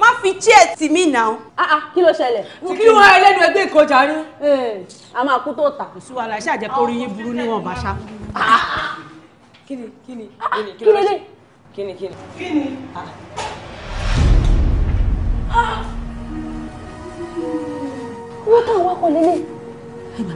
má fi chair tì mí nà ó. Ah, ah, kí ló ṣẹlẹ̀. kí wọ́n ẹlẹ́nu ẹgbẹ́ ìkọjà rí. Eh, a máa kú tó tà. ìṣúwà la ṣàjẹ́ kó rí yín burú níwọ̀n bá ṣá. Ah, kí ni kí ni kí ló dé. kí ni wá kọ lélẹ̀. èmi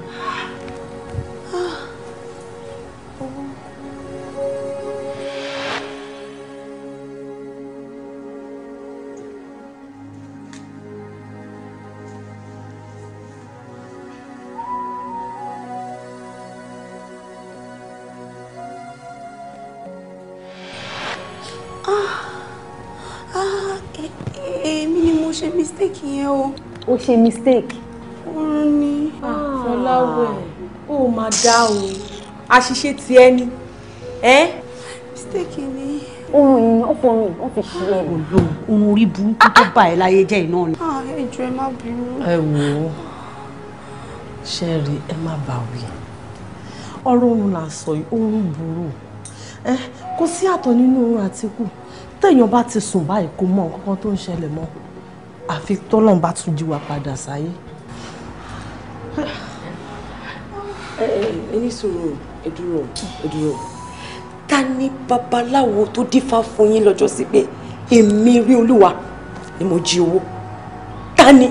ah, ah, eh, eh, ni mo mistake yẹn o. mistake. oorun ni. Ah. Fọláwẹ̀ ó máa dá o àṣìṣe ti ẹni ẹ́. mistake ni. ohun ìyìn ọkùnrin wọn fi ṣe ẹ̀rù. olóhùn ohun orí burúkú tó bá ẹ láyé jẹ́ iná ni. Ah, ẹ jọ̀ọ́ ẹ má bínú. ẹ wò ó ṣẹ́ẹ̀rì ẹ má bà wí ọ̀rọ̀ òun là ń sọ yìí òun burú ẹ kò sí àtọ̀ nínú òun àtìkù téèyàn bá ti sùn báyìí kò mọ nǹkan tó ń ṣẹlẹ̀ mọ́ àfi tọ́lọ́n bá tún jí wa padà sáyé ẹ ẹ ní sùúrù ẹdúró ẹdúró ta ni babaláwo tó dífá fún yín lọ́jọ́ sí pé èmi rí olúwa ni mo jí owó ta ni.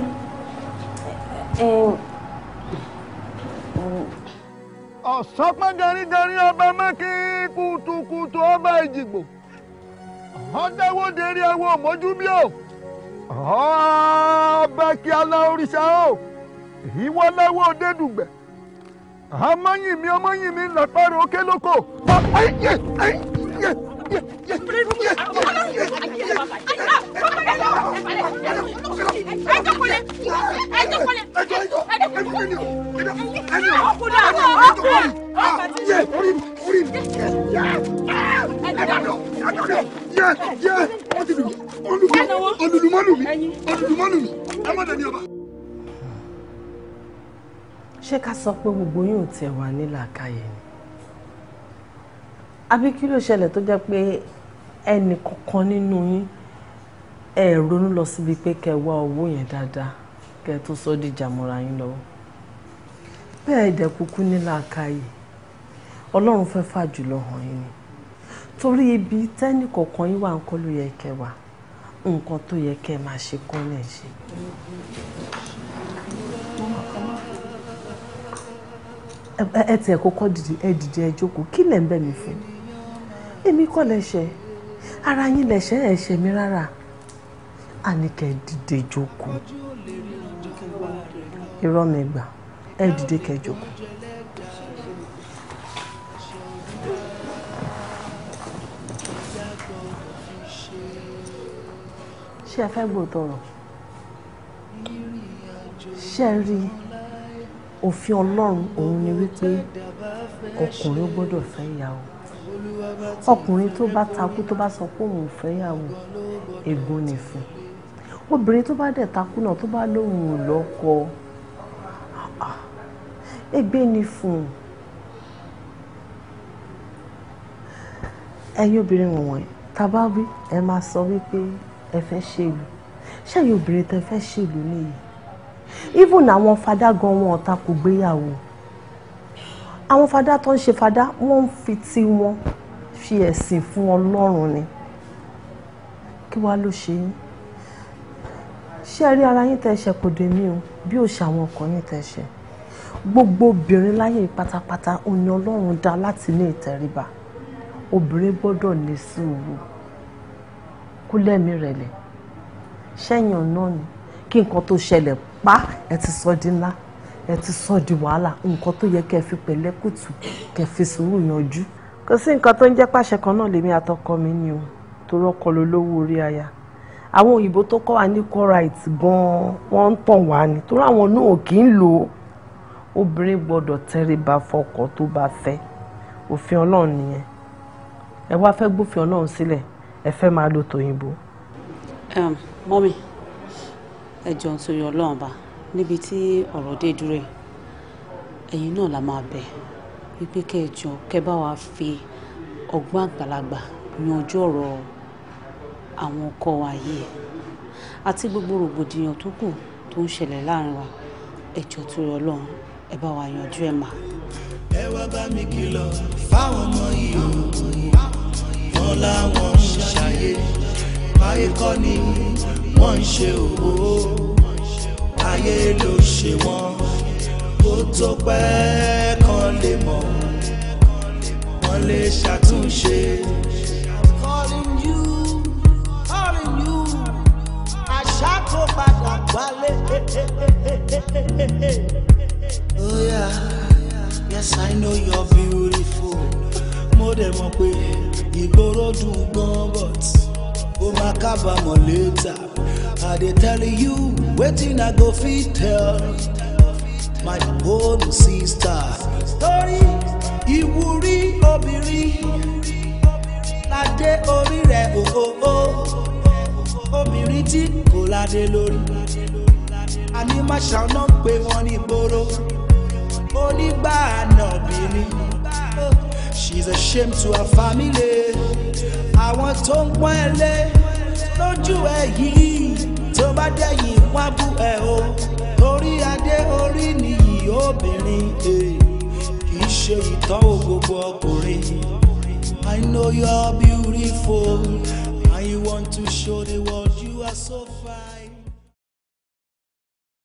ọ̀sán pọ́n darídarí ọba mákì kùtùkùtù ọba ìjìgbò ọ̀dẹ́wò dèrè ẹ̀wọ̀ mọ́jú bí o ọba kí aláoríṣà o ìwọ́lẹ́wọ̀ dédùgbẹ̀ àmọ́yìn mi ọmọyìn mi làpárò òkè lóko. olùdùmọ́lù mi olùdùmọ́lù mi ẹ má dẹ̀ ní ọba ṣé ká sọ pé gbogbo yóò tiẹ̀ wà nílàákàyè ni àbí kí ló ṣẹlẹ̀ tó jẹ́ pé ẹnì kọ̀ọ̀kan nínú yín ẹ ronú lọ síbi pé kẹ wá owó yẹn dáadáa kẹ tó sọ dìjà mọ́ra yín lọ́wọ́ bẹ́ẹ̀ ẹ̀dẹ̀ kúkú nílàákàyè ọlọ́run fẹ́ fà jùlọ hàn yín ni torí ibi tẹ́nì kọ̀ọ̀kan yín wà ń kọ́ ló yẹ kẹ wà nǹkan tó yẹ kẹ máa ṣe kọ́ náà ṣe. ẹ tiẹ̀ kọ́kọ́ dìde ẹ dìde ẹ jókòó kí lẹ̀ ń bẹ̀ mí fún èmi kọ́ lẹ́sẹ̀ ara yín lẹ́sẹ̀ ẹ̀ṣẹ̀ mi rárá àníkẹ́ dìde jókòó irọ́ mi gbà ẹ dìde kẹ́ jókòó. ṣé ẹ fẹ́ gbọ́ tọrọ ṣé ẹ rí i òfin ọlọ́run òun ni wípé ọkùnrin gbọ́dọ̀ fẹ́ ìyàwó ọkùnrin tó bá takú tó bá sọ pé òun ò fẹ́ ìyàwó ègún ni fún obìnrin tó bá dẹ̀ takú náà tó bá lóun ò lọ́kọ ègbé ni fún ẹ̀yin obìnrin wọ̀nyí tá a bá wí ẹ máa sọ wípé ẹ fẹ́ ṣèlú ṣẹ́yìn obìnrin tẹ fẹ́ ṣèlú nìyí even àwọn fada gan wọn ọ̀tá kò gbéyàwó àwọn fada tó ń ṣe fada wọ́n ń fi tí wọ́n fi ẹ̀sìn fún ọlọ́run ni kí wàá ló ṣe yín ṣé ẹ rí ara yín tẹ ṣe kò dé mí o bí ò ṣe àwọn ọkùnrin tẹ ṣe gbogbo obìnrin láyé pátápátá òní ọlọ́run dá láti ní ìtẹríba obìnrin gbọ́dọ̀ ní sùúrù kú lẹ́mìí rẹ̀lẹ̀ ṣẹ́yìn náà ni kí nǹkan tó ṣẹlẹ̀ pa ẹ ti sọ di ńlá ẹ ti sọ di wàhálà nǹkan tó yẹ kẹ́ fi pẹ̀lẹ́kùtù kẹ́ fi sùúrù yanjú. kò sí nǹkan tó ń jẹ́ pàṣẹ kan náà lèmi àtọkọ mi ni o torí ọkọ ló lówó orí aya àwọn òyìnbó tó kọ́ wa ní kọ́ráìtì gan-an wọ́n ń tàn wá ni torí àwọn náà kì í lò ó obìnrin gbọ́dọ̀ tẹríba fọkọ tó bá fẹ́ òfin ọlọ́run nìyẹn ẹ wá fẹ́ gbófin ọlọ́run sílẹ̀ ẹ fẹ́ máa lo tòyìnbó. mọ́mí. Um, ẹjọ́ nítorí ọlọ́run bá níbi tí ọ̀rọ̀ dé dúró yìí ẹ̀yin náà la máa bẹ̀ wípé kẹjọ kẹ́ bá wa fi ọgbọ́n àgbàlagbà yanjú ọ̀rọ̀ àwọn ọkọ wa yìí àti gbogbo rògbòdìyàn tó kù tó ń ṣẹlẹ̀ láàrin wa ẹjọ́ nítorí ọlọ́run ẹ bá wa yanjú ẹ̀ mà. ẹ wá bá mi kìlọ̀ fáwọn ọmọ yìí o wọn làwọn ṣàyè ayé kọ́ ni wọ́n ń ṣe òwò ayé ló ṣe wọ́n kó tó pẹ́ kan lè mọ̀ wọ́n lè ṣàtúnṣe. calling you calling you àṣà kò padà wálé. Oh yeah, yes I know you're beautiful. Mo dẹ̀ mọ̀ pé ìgboro dùn gan but o ma kábàámọ̀ later i dey tell you wetin i go fit tell my own sister. Story, Iwuri, Obiri, ládé orí rẹ̀ òhòhò Obiri, tí kò ládé lórí àní má ṣàánú pé wọ́n ní gbòòrò. Only onígbànàbìnrin she's a shame to her family I want to pọ́n ẹ lé lójú ẹ to tó bá dẹ̀yìn wá bú ẹ o torí adé orí nìyí obìnrin eh. kì í ṣe ìtọ́wò I know you're beautiful I want to show the world you are so fine.